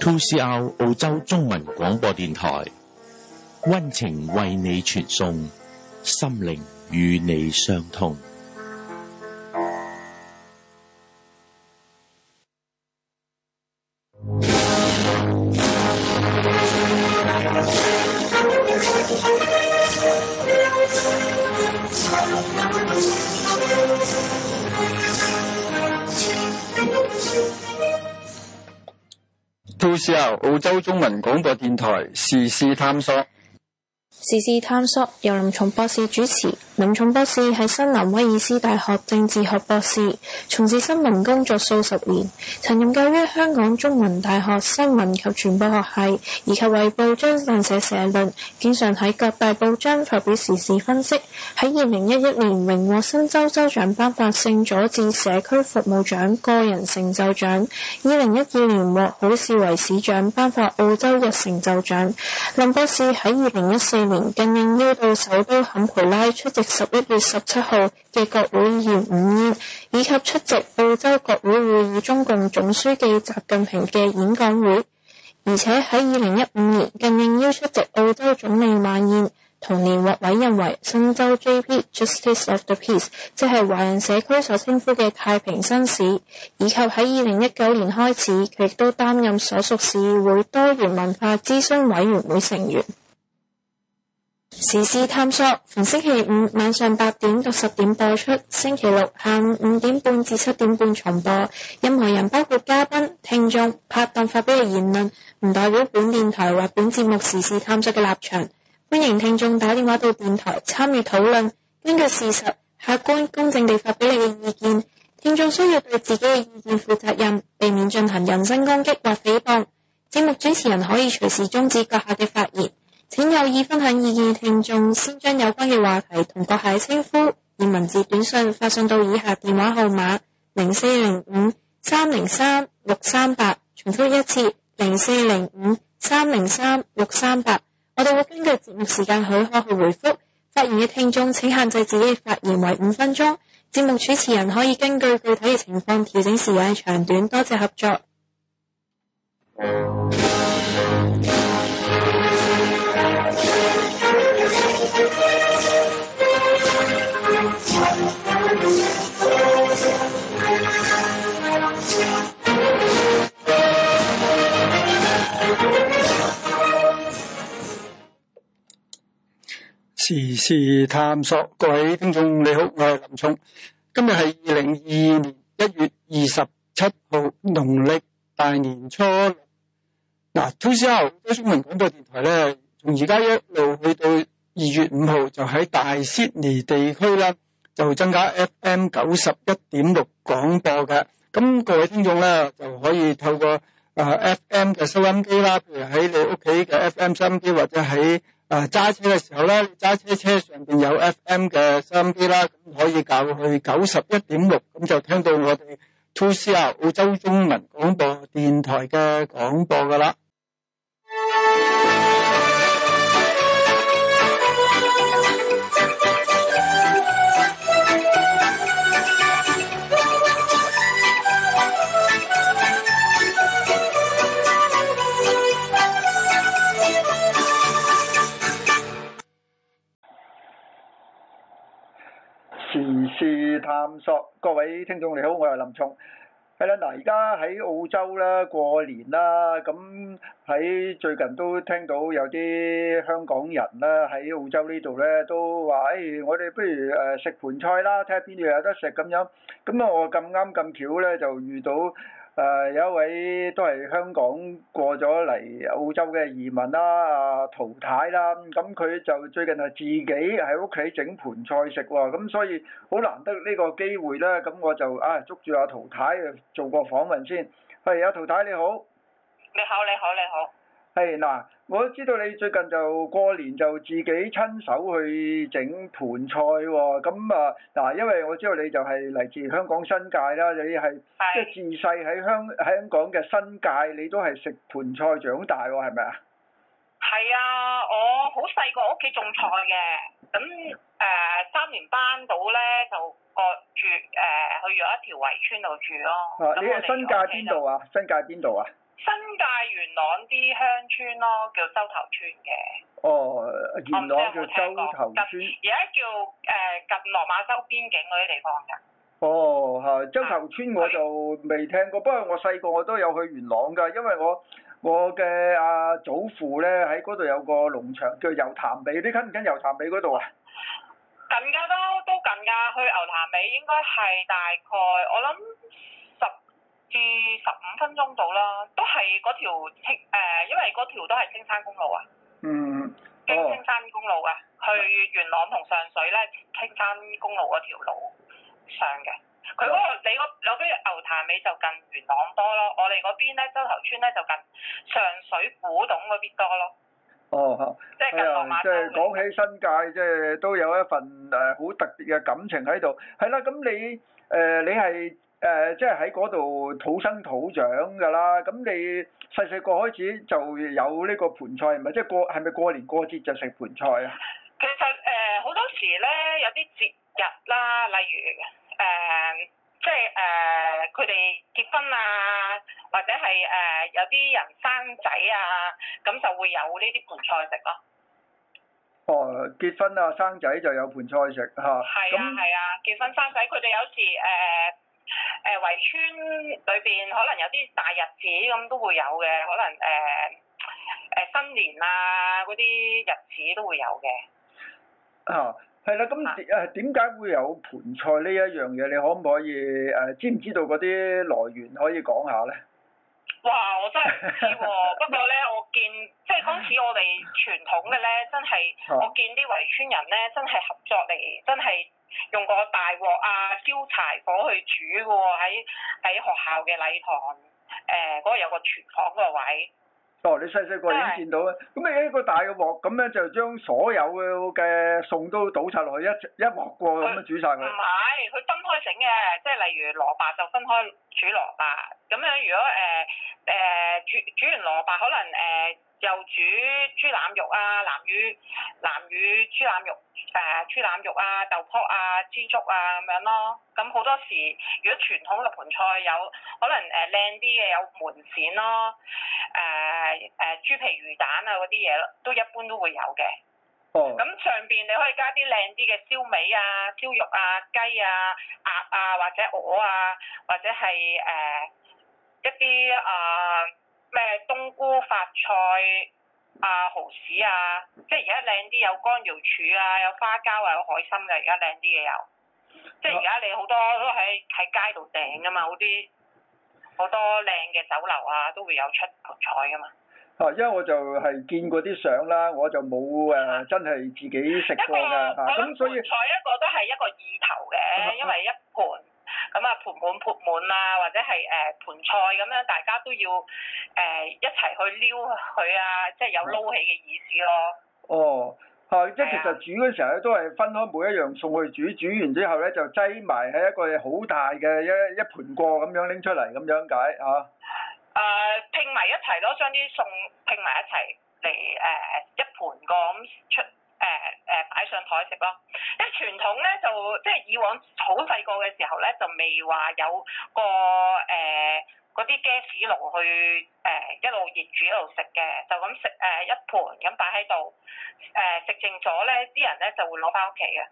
2CR 澳澳洲中文廣播電台，温情為你傳送，心靈與你相通。之後澳洲中文廣播電台時事探索。時事探索由林崇博士主持。林崇博士係新南威爾斯大學政治學博士，從事新聞工作數十年，曾任教於香港中文大學新聞及傳播學系，以及為報章撰寫社，社論，經常喺各大報章發表時事分析。喺二零一一年榮獲新州州長頒發聖佐治社區服務獎個人成就獎，二零一二年獲好市圍市長頒發澳洲日成就獎。林博士喺二零一四年。更應邀到首都坎培拉出席十一月十七號嘅國會議員午宴，以及出席澳洲國會會議。中共總書記習近平嘅演講會，而且喺二零一五年更應邀出席澳洲總理晚宴。同年獲委任為新州 J.P. Justice of the Peace，即係華人社區所稱呼嘅太平紳士，以及喺二零一九年開始，佢亦都擔任所屬市議會多元文化諮詢委員會成員。時事探索逢星期五晚上八點到十點播出，星期六下午五點半至七點半重播。任何人包括嘉賓、聽眾、拍檔發表嘅言論，唔代表本電台或本節目時事探索嘅立場。歡迎聽眾打電話到電台參與討論，根據事實、客觀、公正地發表你嘅意見。聽眾需要對自己嘅意見負責任，避免進行人身攻擊或誹謗。節目主持人可以隨時終止閣下嘅發言。請有意分享意見聽眾，先將有關嘅話題同閣下稱呼，以文字短信發送到以下電話號碼：零四零五三零三六三八。300, 重複一次：零四零五三零三六三八。我哋會根據節目時間許可去回覆發言嘅聽眾，請限制自己發言為五分鐘。節目主持人可以根據具體嘅情況調整時間長短。多謝合作。 時事探索，各位聽眾你好，我係林聰。今日係二零二三年一月二十七號，農曆大年初六。嗱 2CR 多中文廣播電台咧，從而家一路去到二月五號，就喺大悉尼地區啦，就增加 FM 九十一點六廣播嘅。咁各位聽眾咧，就可以透過啊、呃、FM 嘅收音機啦，譬如喺你屋企嘅 FM 收音機或者喺。啊！揸車嘅時候咧，揸車車上邊有 FM 嘅收音機啦，咁可以校去九十一點六，咁就聽到我哋 2CR 澳洲中文廣播電台嘅廣播噶啦。時事探索，各位聽眾你好，我係林聰。係啦，嗱，而家喺澳洲啦過年啦，咁喺最近都聽到有啲香港人啦喺澳洲呢度咧都話：哎，我哋不如誒食盤菜啦，睇下邊度有得食咁樣。咁啊，我咁啱咁巧咧就遇到。誒有一位都係香港過咗嚟澳洲嘅移民啦，阿陶太啦，咁佢就最近係自己喺屋企整盤菜食喎，咁所以好難得呢個機會咧，咁我就、哎、啊捉住阿陶太做個訪問先，喂，阿、啊、陶太你好，你好，你好你好你好。係嗱，我知道你最近就過年就自己親手去整盤菜喎、哦，咁啊嗱，因為我知道你就係嚟自香港新界啦，你係的即係自細喺香喺香港嘅新界，你都係食盤菜長大喎、哦，係咪啊？係啊，我好細個屋企種菜嘅，咁誒、呃、三年班到咧就個住誒去咗一條圍村度住咯、哦。啊嗯、你係新界邊度啊？新界邊度啊？新界元朗啲鄉村咯，叫洲頭村嘅。哦，元朗叫洲頭村。而家叫誒近落馬洲邊境嗰啲地方㗎。哦，係洲頭村我就未聽過，是不過我細個我都有去元朗㗎，因為我我嘅阿祖父咧喺嗰度有個農場，叫油潭尾，你近唔近油潭尾嗰度啊？近㗎都都近㗎，去牛潭尾應該係大概我諗。至十五分鐘到啦，都係嗰條青誒、呃，因為嗰條都係青山公路啊。嗯。哦、經青山公路啊，去元朗同上水咧，青山公路嗰條路上嘅。佢嗰、嗰個、嗯、你嗰，我嗰邊牛潭尾就近元朗多咯，我哋嗰邊咧洲頭村咧就近上水古洞嗰邊多咯。哦，即係近落馬洲、哎。係啊，即係講起新界，即係、嗯、都有一份誒好特別嘅感情喺度。係啦，咁你誒、呃、你係。你誒、呃，即係喺嗰度土生土長㗎啦。咁你細細個開始就有呢個盤菜，唔係即係過係咪過年過節就食盤菜啊？其實誒，好、呃、多時咧有啲節日啦，例如誒、呃，即係誒佢哋結婚啊，或者係誒、呃、有啲人生仔啊，咁就會有呢啲盤菜食咯、啊。哦，結婚啊，生仔就有盤菜食嚇。係啊係啊，結婚生仔，佢哋有時誒。呃誒、呃、圍村裏邊可能有啲大日子咁都會有嘅，可能誒誒、呃呃、新年啊嗰啲日子都會有嘅。啊，係啦，咁誒點解會有盤菜呢一樣嘢？你可唔可以誒、呃、知唔知道嗰啲來源，可以講下咧？哇！我真係唔知喎、啊， 不過咧，我見即係嗰陣時我哋傳統嘅咧，真係 我見啲圍村人咧，真係合作嚟，真係用個大鑊啊，燒柴火去煮嘅喎、啊，喺喺學校嘅禮堂，誒嗰個有個廚房個位。哦，你細細個已經見到啦，咁你是是 一個大嘅鑊，咁樣就將所有嘅餸都倒晒落去一，一鑊過咁它樣煮晒佢？唔係，佢分開整嘅，即係例如蘿蔔就分開煮蘿蔔，咁樣如果誒誒、呃呃、煮煮完蘿蔔，可能誒。呃又煮豬腩肉啊，南乳南乳豬腩肉，誒、呃、豬腩肉啊，豆卜啊，支竹啊咁樣咯。咁、嗯、好多時，如果傳統嘅盆菜有，可能誒靚啲嘅有門鱔咯，誒、呃、誒、呃呃、豬皮魚蛋啊嗰啲嘢咯，都一般都會有嘅。哦。咁上邊你可以加啲靚啲嘅燒味啊、燒肉啊、雞啊、鴨啊，或者鵝啊，或者係誒、呃、一啲、呃呃、啊。咩冬菇、發菜啊蠔豉啊，即係而家靚啲有乾瑤柱啊，有花膠啊，有海參嘅而家靚啲嘢有。即係而家你好多都喺喺街度訂㗎嘛，好啲好多靚嘅酒樓啊都會有出盤菜㗎嘛。啊，因為我就係見過啲相啦，我就冇誒、啊、真係自己食過㗎，咁所以。盤菜一個都係一個意頭嘅，因為一盤。 咁啊盤滿缽滿啊，或者係誒盤菜咁樣，大家都要誒、呃、一齊去撩佢啊，即係有撈起嘅意思咯。哦，係的即係其實煮嗰陣時候咧，都係分開每一樣餸去煮，煮完之後咧就擠埋喺一個好大嘅一一盤過咁樣拎出嚟咁樣解啊。誒、呃、拼埋一齊咯，將啲餸拼埋一齊嚟誒一盤過咁出。誒誒擺上台食咯，因為傳統咧就即係以往好細個嘅時候咧，就未話有個誒嗰啲 gas 爐去誒、呃、一路熱煮一路食嘅，就咁食誒一盤咁擺喺度，誒、呃、食剩咗咧，啲人咧就會攞翻屋企嘅，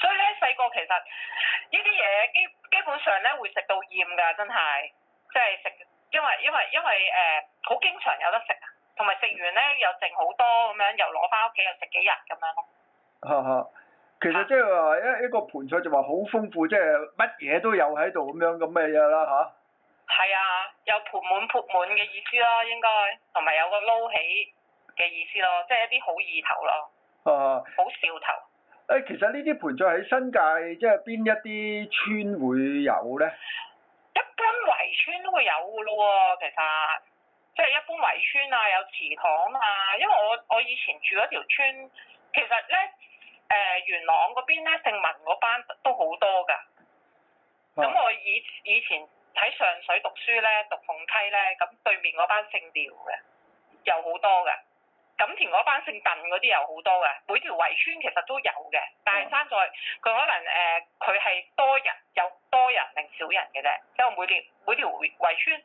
所以咧細個其實呢啲嘢基基本上咧會食到厭㗎，真係，即係食，因為因為因為誒好、呃、經常有得食。同埋食完咧又剩好多咁樣，又攞翻屋企又食幾日咁樣咯。哈哈，其實即係話一一個盤菜就話好豐富，啊、即係乜嘢都有喺度咁樣咁嘅嘢啦嚇。係啊，啊，有盆滿缽滿嘅意思咯，應該同埋有個撈起嘅意思咯，即係一啲好意頭咯。啊哈！好兆頭。誒，其實呢啲盤菜喺新界即係邊一啲村會有咧？一般圍村都會有噶咯喎，其實。即係一般圍村啊，有祠堂啊，因為我我以前住嗰條村，其實咧，誒、呃、元朗嗰邊咧，姓文嗰班都好多㗎。咁、哦、我以以前喺上水讀書咧，讀鳳溪咧，咁對面嗰班姓廖嘅又好多㗎，錦田嗰班姓鄧嗰啲又好多㗎，每條圍村其實都有嘅，但係生在佢可能誒佢係多人有多人定少人嘅啫，因為每條每條圍圍村。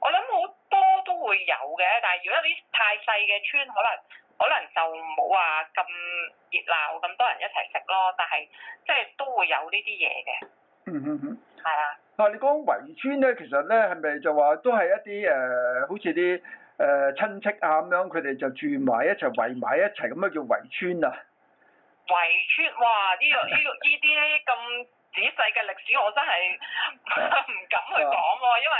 我諗好多都會有嘅，但係如果啲太細嘅村，可能可能就冇話咁熱鬧咁多人一齊食咯，但係即係都會有呢啲嘢嘅。嗯嗯嗯。係啊的。啊，你講圍村咧，其實咧係咪就話都係一啲誒、呃，好似啲誒親戚啊咁樣，佢哋就住埋一齊圍埋一齊咁樣叫圍村啊？圍村，哇！呢個、 呢個呢呢啲咁～仔細嘅歷史我真係唔敢去講喎、啊，啊、因為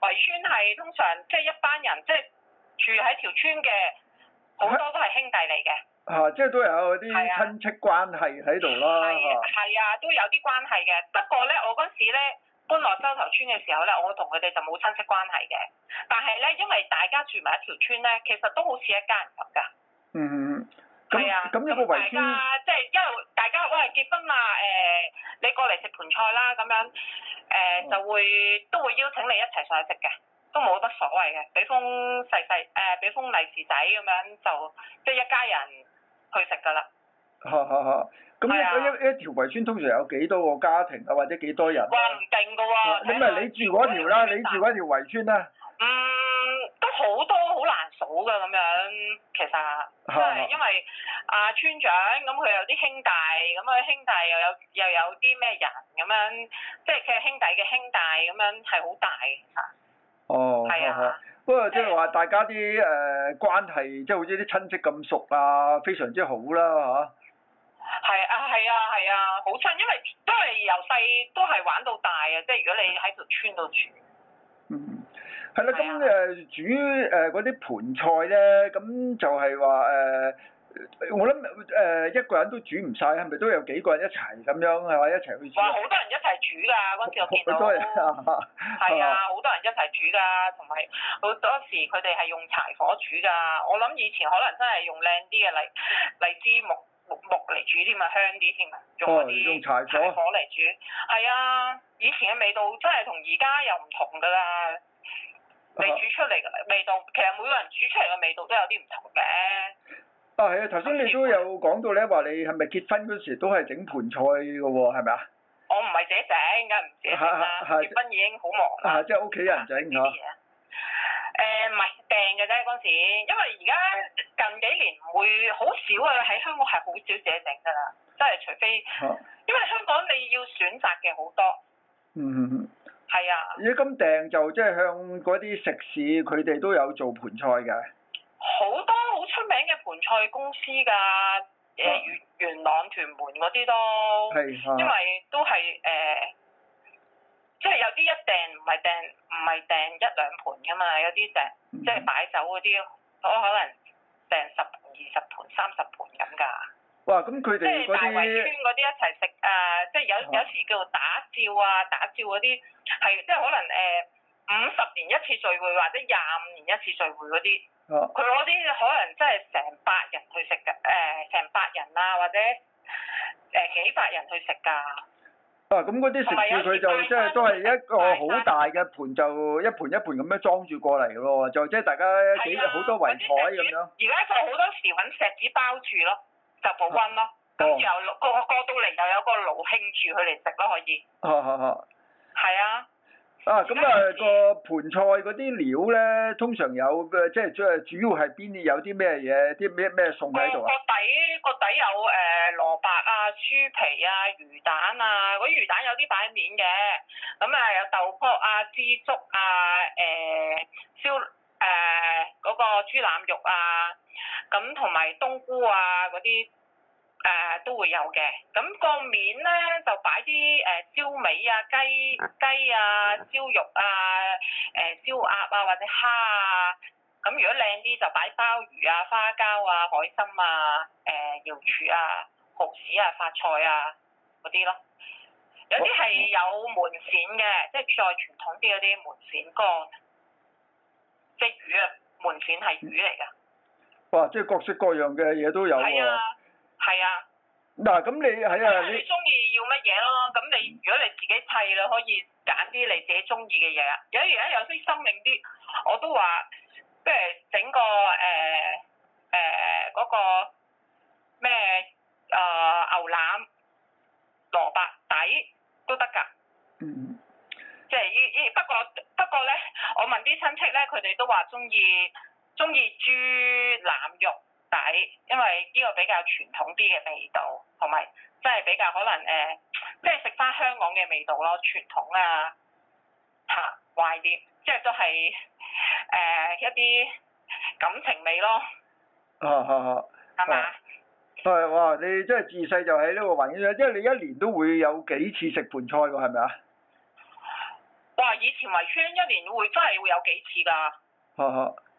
圍村係通常即係、就是、一班人即係、就是、住喺條村嘅，好多都係兄弟嚟嘅。嚇、啊！即係都有嗰啲親戚關係喺度啦。係啊，都有啲關係嘅。不過咧，我嗰時咧搬落洲頭村嘅時候咧，我同佢哋就冇親戚關係嘅。但係咧，因為大家住埋一條村咧，其實都好似一家人咁㗎。嗯。係啊，咁大家即係、就是、因為大家喂結婚嘛，誒、呃、你過嚟食盤菜啦咁樣，誒、呃、就會都會邀請你一齊上去食嘅，都冇得所謂嘅，俾封細細誒俾封利是仔咁樣就即係一家人去食㗎啦。嚇嚇嚇！咁一、啊、一一,一條圍村通常有幾多個家庭啊，或者幾多人啊？話唔定㗎喎。咁咪你住嗰條啦，啊、你住嗰條圍村啊？嗯都好多，好難數噶咁樣，其實，即係是、啊、因為阿、啊、村長咁佢、嗯、有啲兄弟，咁、嗯、佢兄弟又有又有啲咩人咁樣，即係佢兄弟嘅兄弟咁樣係好大，其實哦，係啊，嗯、不過即係話大家啲誒、呃、關係，即係好似啲親戚咁熟啊，非常之好啦嚇。係啊，係啊，係啊，好、啊啊啊、親，因為都係由細都係玩到大啊，即係如果你喺條村度住。嗯。 係啦，咁誒煮誒嗰啲盤菜咧，咁就係話誒，我諗誒、呃、一個人都煮唔晒，係咪都有幾個人一齊咁樣係嘛一齊去煮？話好多人一齊煮㗎，嗰陣時我見到。好多人啊！係啊，好的、啊、多人一齊煮㗎，同埋好多時佢哋係用柴火煮㗎。我諗以前可能真係用靚啲嘅荔荔枝木木嚟煮添啊，香啲添啊，用柴火嚟煮。係啊！以前嘅味道真係同而家又唔同㗎啦。未煮出嚟嘅，味道其實每個人煮出嚟嘅味道都有啲唔同嘅、啊啊。啊，係啊！頭先你都有講到咧，話你係咪結婚嗰時都係整盤菜嘅喎？係咪啊？我唔係自己整，梗係唔自己啦。結婚已經好忙啦、啊啊。即係屋企人整呢啲嘢。誒唔係訂嘅啫嗰時，因為而家近幾年唔會好少啊，喺香港係好少自己整㗎啦。即係除非，啊、因為香港你要選擇嘅好多。嗯哼哼。係啊，咦？咁訂就即係向嗰啲食肆，佢哋都有做盤菜嘅。好多好出名嘅盤菜公司㗎，誒元、啊、元朗屯門嗰啲都，啊、因為都係誒，即、呃、係、就是、有啲一訂唔係訂唔係訂一兩盤㗎嘛，有啲訂、嗯、即係擺酒嗰啲，我可能訂十二十盤、三十盤咁㗎。哇！咁佢哋嗰啲即係大圍村啲一齊食誒，即係有有時叫做打醮啊、打醮嗰啲，係即係可能誒五十年一次聚會或者廿五年一次聚會嗰啲。佢嗰啲可能真係成百人去食㗎，誒、啊、成百人啊，或者誒、啊、幾百人去食㗎。啊！咁嗰啲食住佢就即係、嗯、都係一個好大嘅盤就，就、嗯、一盤一盤咁樣裝住過嚟㗎咯，就即係大家幾好、啊、多圍檯咁樣。而家就好多時揾錫紙包住咯。就保溫咯，咁又個過到嚟又有個爐興住佢嚟食咯，可以。哦，嚇嚇。係啊。啊，咁啊個盤、啊、是菜嗰啲料咧，通常有嘅，即係即係主要係邊啲有啲咩嘢，啲咩咩餸喺度啊？個底個底有誒、呃、蘿蔔啊、豬皮啊、魚蛋啊，嗰魚蛋有啲擺面嘅。咁啊有豆角啊、枝竹啊、誒、呃、燒誒嗰、呃呃嗰個豬腩肉啊。咁同埋冬菇啊嗰啲，誒、呃、都會有嘅。咁、那個面咧就擺啲誒燒味啊、雞雞啊、燒肉啊、誒、呃、燒鴨啊或者蝦啊。咁如果靚啲就擺鮑魚啊、花膠啊、海參啊、誒、呃、瑤柱啊、蠔豉啊、髮菜啊嗰啲咯。有啲係有門鱔嘅，即係再傳統啲嗰啲門鱔乾，即係魚啊，門鱔係魚嚟㗎。即係各式各樣嘅嘢都有喎。係啊，係啊。嗱咁、啊啊、你係啊，啊，你中意要乜嘢咯？咁你如果你自己砌你可以揀啲你自己中意嘅嘢。如果而家有啲生命啲，我都話即係整個誒誒嗰個咩啊、呃、牛腩蘿蔔底都得㗎。嗯，即係依依，不過不過咧，我問啲親戚咧，佢哋都話中意。中意豬腩肉底，因為呢個比較傳統啲嘅味道，同埋即係比較可能誒，即係食翻香港嘅味道咯，傳統啊嚇、啊，懷念，即、就、係、是、都係誒、呃、一啲感情味咯。嚇嚇嚇！係、啊、嘛？係、啊吧啊、哇！你真係自細就喺呢個環境，因為你一年都會有幾次食盤菜喎，係咪啊？哇！以前圍村一年會真係會有幾次㗎。嚇嚇、啊。啊。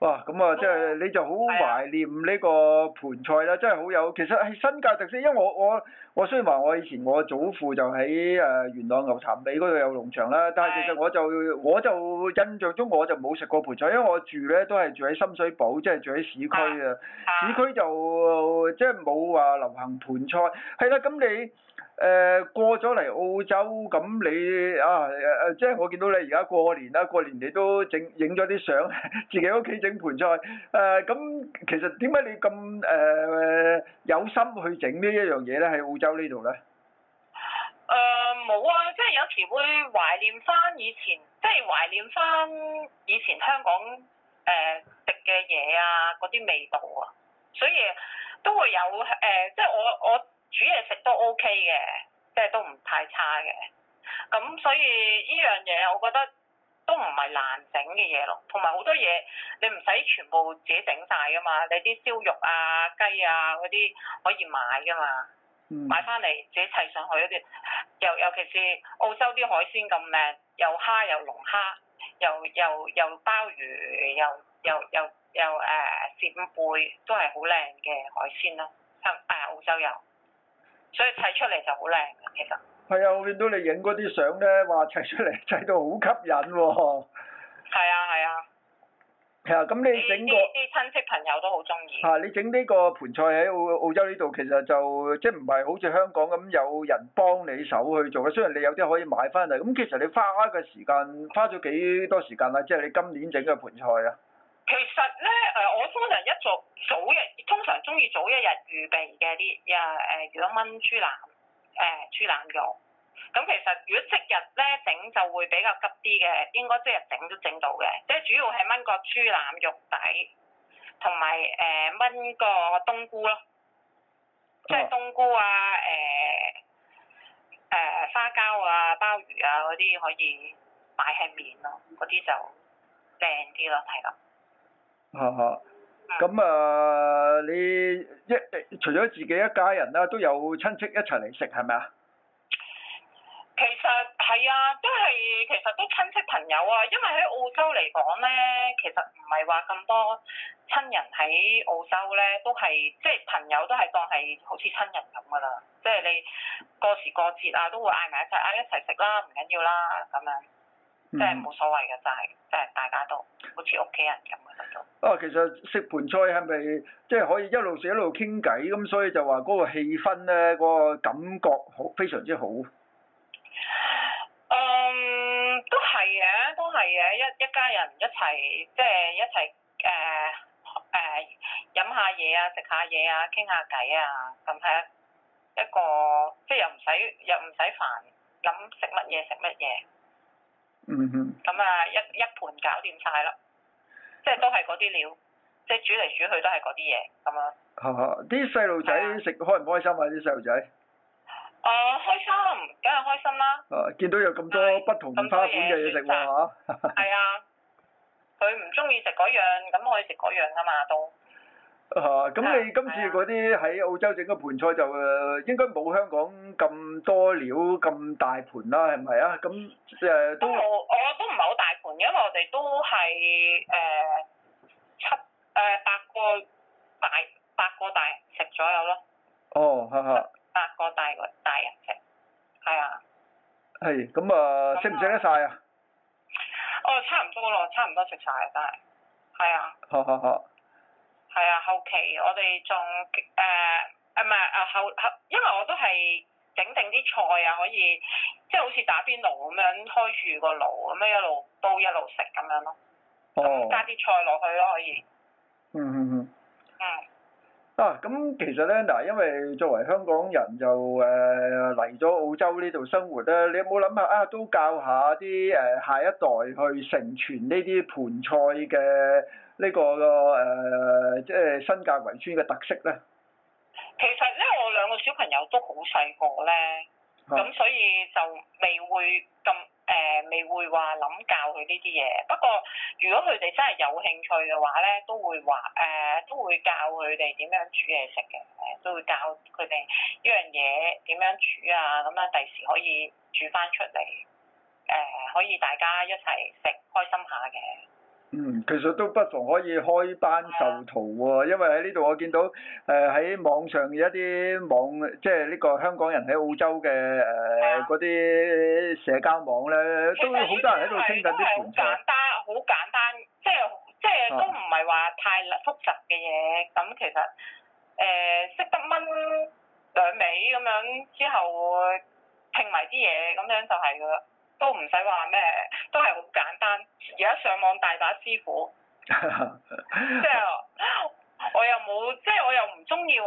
哇，咁啊，Okay. 即係你就好懷念呢個盤菜啦，啊、真係好有，其實係新界特色，因為我我我雖然話我以前我祖父就喺誒元朗牛潭尾嗰度有農場啦，但係其實我就是我就印象中我就冇食過盤菜，因為我住咧都係住喺深水埗，即係住喺市區啊，市區就即係冇話流行盤菜，係啦、啊，咁你。誒過咗嚟澳洲，咁你啊誒誒，即係我見到你而家過年啦，過年你都整影咗啲相，自己屋企整盤菜。誒咁，其實點解你咁誒有心去整呢一樣嘢咧？喺澳洲呢度咧？誒冇啊，即係有時會懷念翻以前，即係懷念翻以前香港誒食嘅嘢啊，嗰啲味道啊，所以都會有誒，即係我我。我煮嘢食都 OK 嘅，即係都唔太差嘅。咁所以呢樣嘢，這個、我覺得都唔係難整嘅嘢咯。同埋好多嘢，你唔使全部自己整晒噶嘛。你啲燒肉啊、雞啊嗰啲可以買噶嘛，買翻嚟自己砌上去嗰啲。尤尤其是澳洲啲海鮮咁靚，又蝦又龍蝦，又又又鮑魚，又又又又誒扇貝，都係好靚嘅海鮮咯。係、啊，誒澳洲有。所以砌出嚟就好靚，其實。係啊，我見到你影嗰啲相咧，哇砌出嚟砌到好吸引喎、哦。係 啊，係啊。係啊，咁你整個啲親戚朋友都好中意。嚇、啊，你整呢個盤菜喺澳澳洲呢度，其實就即係唔係好似香港咁有人幫你手去做嘅？雖然你有啲可以買翻嚟，咁其實你花嘅時間花咗幾多時間啊？即係你今年整嘅盤菜啊？其實咧，誒我通常一早早日，通常鍾意早一日預備嘅啲呀誒，如果炆豬腩誒豬、呃、腩肉，咁其實如果即日咧整就會比較急啲嘅，應該即日整都整到嘅，即係主要係炆個豬腩肉底，同埋誒炆個冬菇咯，即係冬菇啊誒誒、呃呃、花膠啊鮑魚啊嗰啲可以擺喺面咯，嗰啲就靚啲咯，係咯。啊，咁啊，嗯 uh, 你一,一,一除咗自己一家人啦，都有親戚一齊嚟食係咪啊？其實係啊，都係其實都親戚朋友啊，因為喺澳洲嚟講呢，其實唔係話咁多親人喺澳洲呢，都係即係朋友都係當係好似親人咁噶啦，即係你過時過節啊，都會嗌埋一齊嗌一齊食啦，唔緊要啦，咁樣。嗯、即係冇所謂㗎，就係，真係大家都好似屋企人咁啊！都啊，其實食盤菜係咪即係可以一路食一路傾偈咁？所以就話嗰個氣氛咧，嗰、嗰個感覺好非常之好。誒、嗯，都係嘅、啊，都係嘅、啊。一一家人一齊，即、就、係、係、一齊誒誒飲下嘢啊，食下嘢啊，傾下偈啊，咁係一個即係、就係、又唔使又唔使煩諗食乜嘢食乜嘢。嗯哼，咁啊一一盤搞掂晒啦，即係都係嗰啲料，即係煮嚟煮去都係嗰啲嘢咁樣。啊啲細路仔食開唔開心啊？啲細路仔。啊、呃，開心，梗係開心啦、啊。啊，見到有咁多不同是花款嘅嘢食喎嘛，嚇！係啊，佢唔中意食嗰樣，咁可以食嗰樣噶嘛，都。嚇！咁、啊、你今次嗰啲喺澳洲整個盤菜就應該冇香港咁多料咁大盤啦，係咪？啊？咁誒、呃、都冇，我都唔係好大盤，因為我哋都係誒、呃、七誒八個大八個大食左右咯。哦，係係。八個大八個大人食，係、哦、啊。係，咁、呃嗯、啊，食唔食得晒啊？哦，差唔多咯，差唔多食晒啊，真係。係啊。好好好。係啊，後期我哋仲誒，啊唔係啊，後後，因為我都係整定啲菜啊，可以即係好似打邊爐咁樣，開住個爐咁樣一路煲一路食咁樣咯，咁、哦、加啲菜落去咯，可以。嗯嗯嗯。是啊，咁其實咧嗱，因為作為香港人就誒嚟咗澳洲呢度生活咧，你有冇諗下啊？都教下啲誒、呃、下一代去承傳呢啲盤菜嘅。呢個個誒，即係新界圍村嘅特色咧。其實咧，我兩個小朋友都好細個咧，咁、啊、所以就未會咁誒、呃，未會話諗教佢呢啲嘢。不過如果佢哋真係有興趣嘅話咧，都會話誒、呃，都會教佢哋點樣煮嘢食嘅，誒都會教佢哋一樣嘢點樣煮啊，咁樣第時可以煮翻出嚟，誒、呃、可以大家一齊食，開心下嘅。嗯，其實都不妨可以開班授徒喎、啊，啊、因為喺呢度我見到，誒、呃、喺網上嘅一啲網，即係呢個香港人喺澳洲嘅誒嗰啲社交網咧其實，都好多人喺度傾緊啲圖畫。簡單，好座簡單，即係即係都唔係話太複雜嘅嘢，咁、啊、其實誒識、呃、得掹兩尾咁樣之後拼埋啲嘢，咁樣就係噶啦。都唔使話咩，都係好簡單。而家上網大把師傅，即係、 就是、我又冇，即、就、係、是、我又唔中意話。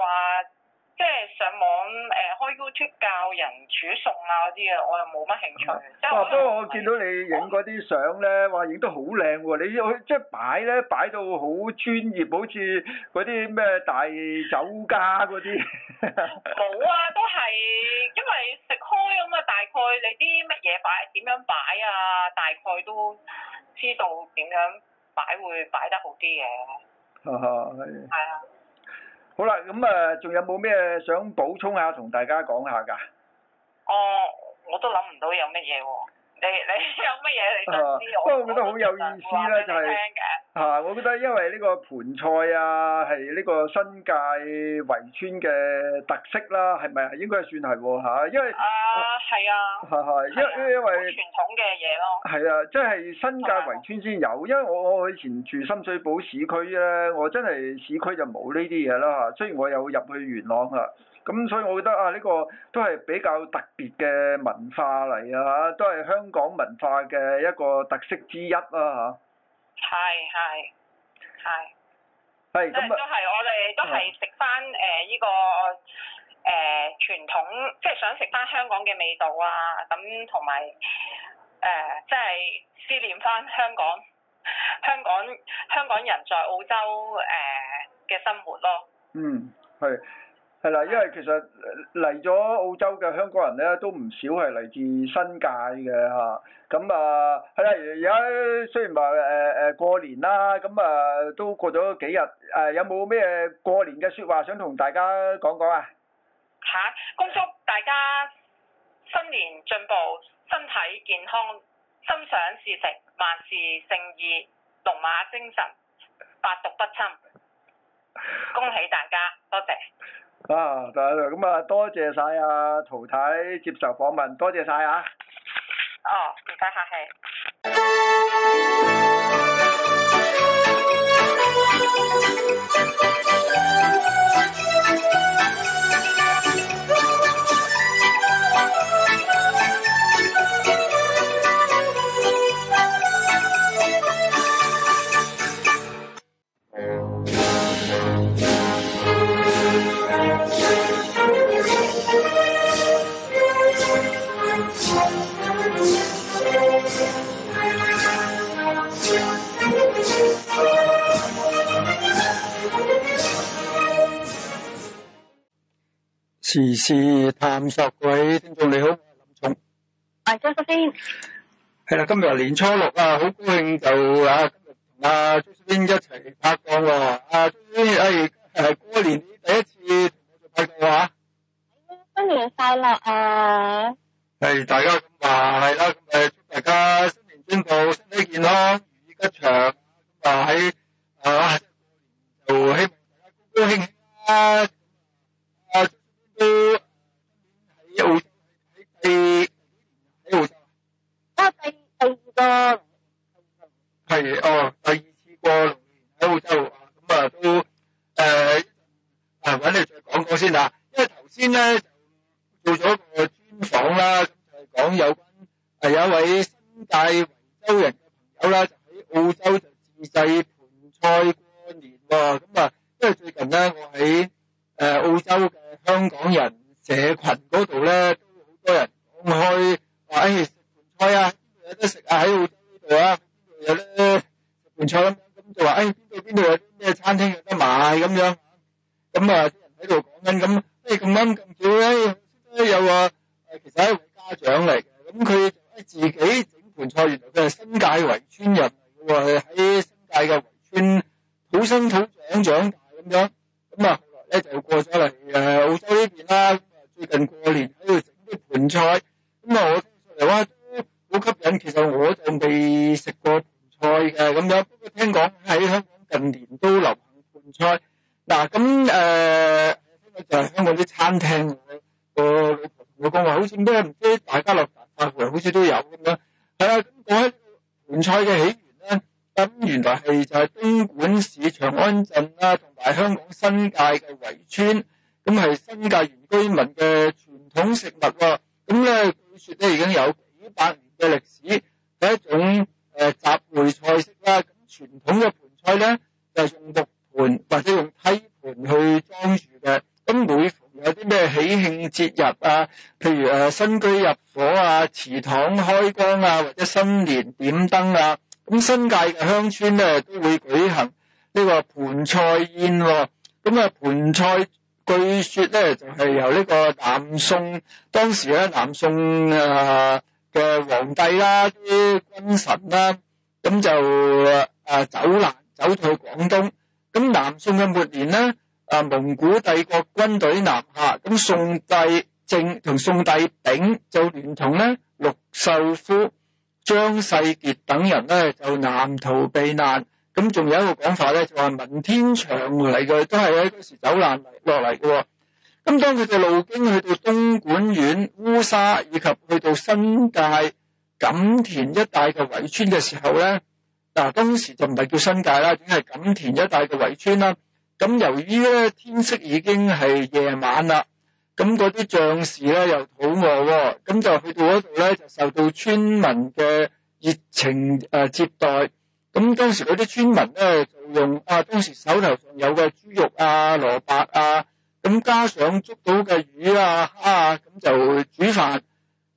即係上網誒、呃、開 YouTube 教人煮餸啊嗰啲啊，我又冇乜興趣。啊，不過即、啊、我見、啊啊、到你影嗰啲相咧，哇影得好靚喎！你要即係擺咧，擺到好專業，好似嗰啲咩大酒家嗰啲。冇啊，都係因為食開咁啊，大概你啲乜嘢擺點樣擺啊，大概都知道點樣擺會擺得好啲嘅。哈哈，係啊。好啦，咁、嗯、啊，仲有冇咩想補充下同大家講下噶？哦，我都諗唔到有乜嘢喎，你你，你 有乜嘢你都知、啊、我。不過我覺得好我都有意思咧，就係。嚇、啊！我覺得因為呢個盤菜啊，係呢個新界圍村嘅特色啦，係咪啊？應該算係喎、啊、因為啊，係啊，係係、啊，因、啊、因為、啊、傳統嘅嘢咯，係啊，即、就、係、係、新界圍村先有，因為我我以前住深水埗市區咧，我真係市區就冇呢啲嘢啦嚇。雖然我有入去元朗啊，咁所以我覺得啊，呢、呢個都係比較特別嘅文化嚟啊，都係香港文化嘅一個特色之一啦嚇。啊係係係，即係都係是，嗯、我哋都係食翻誒呢個誒、呃、傳統，即係想食翻香港嘅味道啊！咁同埋誒，即係思念翻香港香港香港人在澳洲誒嘅、呃、生活咯。嗯，係。係啦，因為其實嚟咗澳洲嘅香港人咧，都唔少係嚟自新界嘅吓。咁啊，係啦，而家雖然話誒誒過年啦，咁啊都過咗幾日，誒、啊、有冇咩過年嘅說話想同大家講講啊？吓，恭祝大家新年進步，身體健康，心想事成，萬事勝意，龍馬精神，百毒不侵，恭喜大家，多謝。啊，咁、嗯、啊，多謝晒啊！陶太，太接受訪問，多謝晒啊！哦，唔使客氣。 時事探索，各位聽眾你好，我係林聰。係張淑英。係啦，今日係年初六啊，好高興就啊啊今日同阿張淑英一齊拍檔喎。啊張淑英，哎係過年第一次同我做拍檔啊。新年快樂啊！係大家咁話。係啦，咁啊祝大家新年進步，身體健康，如意吉祥。咁啊喺啊，就希望大家都高興。都喺澳洲喺第喺澳洲啊！第第二個係哦，第二次過龍年喺澳洲咁啊，都誒誒，搵你再講過先吓，因為頭先咧做咗個專訪啦，就係講有關係有一位新界圍村人嘅朋友啦，就喺澳洲就自製盤菜過年喎。咁啊，因為最近咧，我喺誒澳洲。香港人社群嗰度咧，都好多人講開話誒，食盤菜啊，有得食啊喺澳洲呢度啊，有咧食盤菜咁、啊、咁就話誒邊度邊度有啲咩餐廳有得買咁樣，咁啊啲人喺度講緊，咁即係咁啱咁巧咧，有個誒其實係一位家長嚟嘅，咁佢自己整盤菜，原來佢係新界圍村人嚟嘅喎，喺新界嘅圍村土生土長長大咁樣，咁啊。咧就過咗嚟誒澳洲呢邊啦，最近過年喺度整啲盤菜，咁啊我聽講嚟話都好吸引，其實我就未食過盤菜嘅咁樣，不過聽講喺香港近年都流行盤菜，嗱咁誒呢個就係香港啲餐廳，個我講話好似咩唔知大家落飯飯台好似都有咁樣，係啊，咁講起盤菜嘅起源。咁原來係就係東莞市長安鎮啦，同埋香港新界嘅圍村，咁係新界原居民嘅傳統食物喎。咁咧據説咧已經有幾百年嘅歷史，係一種誒雜燴菜式啦。咁傳統嘅盤菜咧就係用木盤或者用梯盤去裝住嘅。咁每逢有啲咩喜慶節日啊，譬如誒新居入伙啊、祠堂開光啊，或者新年點燈啊。咁新界嘅鄉村咧都會舉行個、哦、呢個盤菜宴喎，咁啊盤菜據説咧就係、是、由呢個南宋當時咧南宋啊嘅皇帝啦、啊，啲軍臣啦、啊，咁就啊走難走到廣東，咁南宋嘅末年咧啊蒙古帝國軍隊南下，咁宋帝政同宋帝昺就聯同咧陸秀夫。張世傑等人咧就南逃避難，咁仲有一個講法咧就話文天祥嚟嘅都係喺嗰時走難落嚟嘅，咁當佢哋路經去到東莞縣烏沙以及去到新界錦田一帶嘅圍村嘅時候咧，嗱當時就唔係叫新界啦，係錦田一帶嘅圍村啦。咁由於咧天色已經係夜晚啦。咁嗰啲將士咧又肚餓喎、哦，咁就去到嗰度咧就受到村民嘅熱情誒、呃、接待。咁當時嗰啲村民咧就用啊當時手頭上有嘅豬肉啊、蘿蔔啊，咁加上捉到嘅魚啊、蝦啊，咁就煮飯。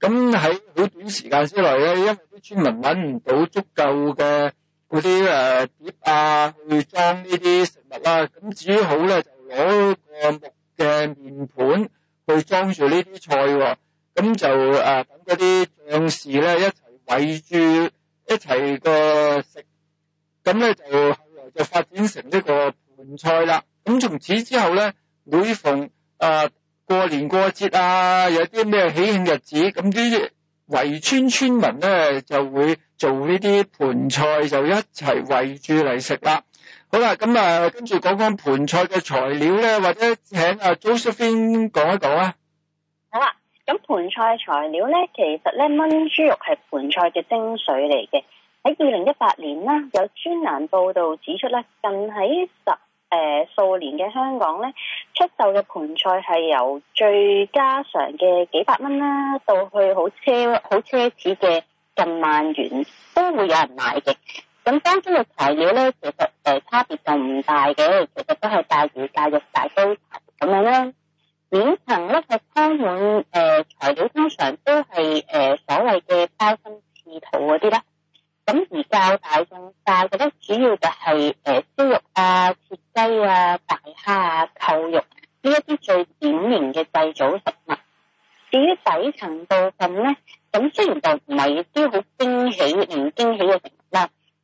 咁喺好短時間之內咧，因為啲村民揾唔到足夠嘅嗰啲誒碟啊去裝呢啲食物啦、啊，咁只好咧就攞個木嘅面盤。去裝住、哦啊、呢啲菜喎，咁就誒等嗰啲將士咧一齊圍住一齊個食，咁咧就後來就發展成呢個盤菜啦。咁從此之後咧，每逢誒、啊、過年過節啊，有啲咩喜慶日子，咁啲圍村村民咧就會做呢啲盤菜，就一齊圍住嚟食啦。好啦，咁、嗯、啊，跟住講講盤菜嘅材料咧，或者請阿 Josephine 講一講啊。好啦、啊，咁盤菜材料咧，其實咧炆豬肉係盤菜嘅精髓嚟嘅。喺二零一八年啦，有專欄報道指出咧，近喺十誒數、呃、年嘅香港咧，出售嘅盤菜係由最家常嘅幾百蚊啦，到去好奢好奢侈嘅近萬元，都會有人買嘅。咁當中嘅材料咧，其實誒差別就唔大嘅，其實都係大魚大肉大胸排咁樣啦。面層咧嘅鋪滿誒材料，通常都係誒所謂嘅鮑參翅肚嗰啲啦。咁而較大眾化嘅，主要就係誒燒肉啊、切雞啊、大蝦啊、扣肉呢一啲最典型嘅製造食物。至於底層部分咧，咁雖然就唔係啲好驚喜唔驚喜嘅食物。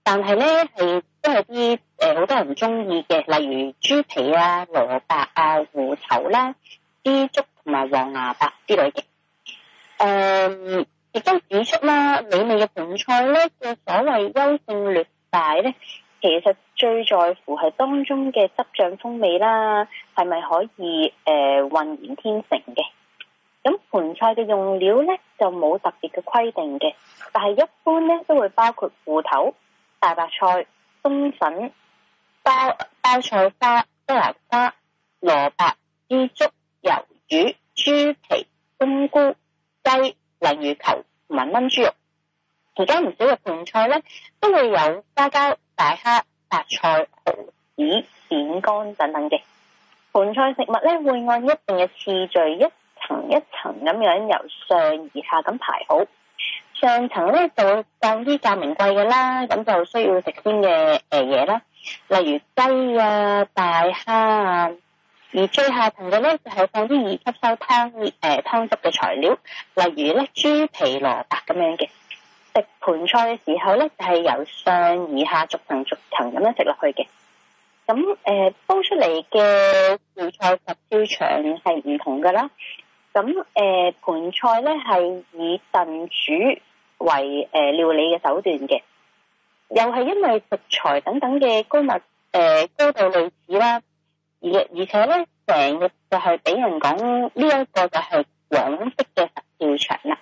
但係咧，係都有啲誒，好、呃、多人中意嘅，例如豬皮啊、蘿蔔啊、芋頭啦、啊、豬竹同埋黃牙白之類嘅。誒、嗯，亦都指出啦，美味嘅盤菜咧嘅所謂優勝劣汰咧，其實最在乎係當中嘅汁醬風味啦，係咪可以誒渾、呃、然天成嘅？咁盤菜嘅用料咧就冇特別嘅規定嘅，但係一般咧都會包括芋頭。大白菜、冬粉、包包菜花、西蘭花、蘿蔔、枝竹、魷魚、豬皮、冬菇、雞、鯪魚球同埋炆豬肉，而家唔少嘅盤菜咧，都會有花膠、大蝦、白菜、蠔豉、扁乾等等嘅盤菜食物咧，會按一定嘅次序一層一層咁樣由上而下咁排好。上層咧就放啲較名貴嘅啦，咁就需要食鮮嘅誒嘢啦，例如雞啊、大蝦啊。而最下層嘅咧就係、是、放啲易吸收湯誒、呃、湯汁嘅材料，例如咧豬皮、蘿蔔咁樣嘅。食盤菜嘅時候咧，就係、是、由上以下逐層逐層咁樣食落去嘅。咁誒、呃，煲出嚟嘅配菜料腸係唔同㗎啦。咁誒，盤、呃、菜咧係以燉煮。為誒、呃、料理嘅手段嘅，又係因為食材等等嘅高密誒、呃、高度類似啦，而且而且咧成日就係俾人講呢一個就係黃色嘅佛跳牆啦。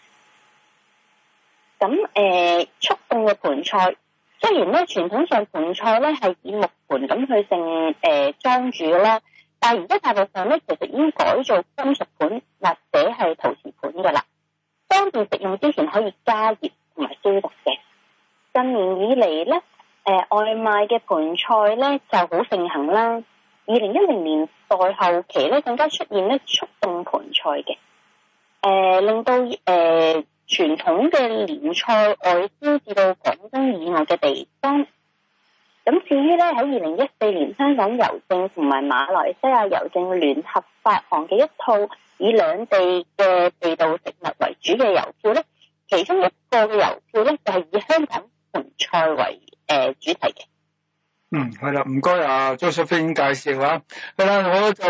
咁誒、呃，速凍嘅盤菜，雖然咧傳統上盤菜咧係以木盤咁去盛誒裝住啦，但係而家大部分咧其實已經改做金屬盤，或者係陶瓷盤噶啦。方便食用之前可以加熱同埋消毒嘅。近年以嚟咧，誒、呃、外賣嘅盤菜咧就好盛行啦。二零一零年代後期咧，更加出現咧速凍盤菜嘅，誒、呃、令到誒、呃、傳統嘅年菜外銷至到廣東以外嘅地方。咁至於咧，喺二零一四年香港郵政同埋馬來西亞郵政聯合發行嘅一套以兩地嘅地道食物為主嘅郵票咧，其中一個嘅郵票咧就係、是、以香港盤菜為誒主題嘅。嗯，係啦，唔該啊 Josephine 介紹啊，係啦，我就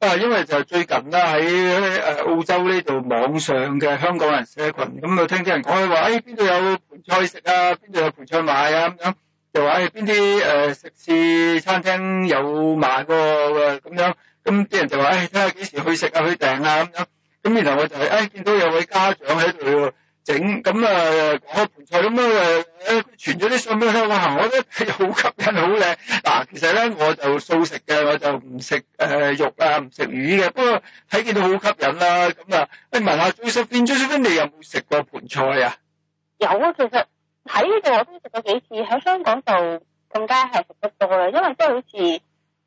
啊，因為就最近啦喺誒澳洲呢度網上嘅香港人社群咁、哎、啊，聽啲人講話，誒邊度有盤菜食啊，邊度有盤菜買啊咁樣。就話誒邊啲誒食肆餐廳有賣個誒咁樣，咁啲人就話誒睇下幾時去食啊，去訂啊咁樣。咁然後我就係誒、哎、見到有位家長喺度整，咁啊講盤菜咁啊誒傳咗啲相俾我，哇、啊啊啊哎，我都睇到好吸引，好靚。嗱、啊，其實咧我就素食嘅，我就唔食誒肉啊，唔食魚嘅。不過睇見到好吸引啦，咁啊，誒、啊、問、啊、下 Joey，Joey，o 你有冇食過盤菜啊？有啊，其實。喺呢度我都食過幾次，喺香港就更加係食得多啦，因為即係好似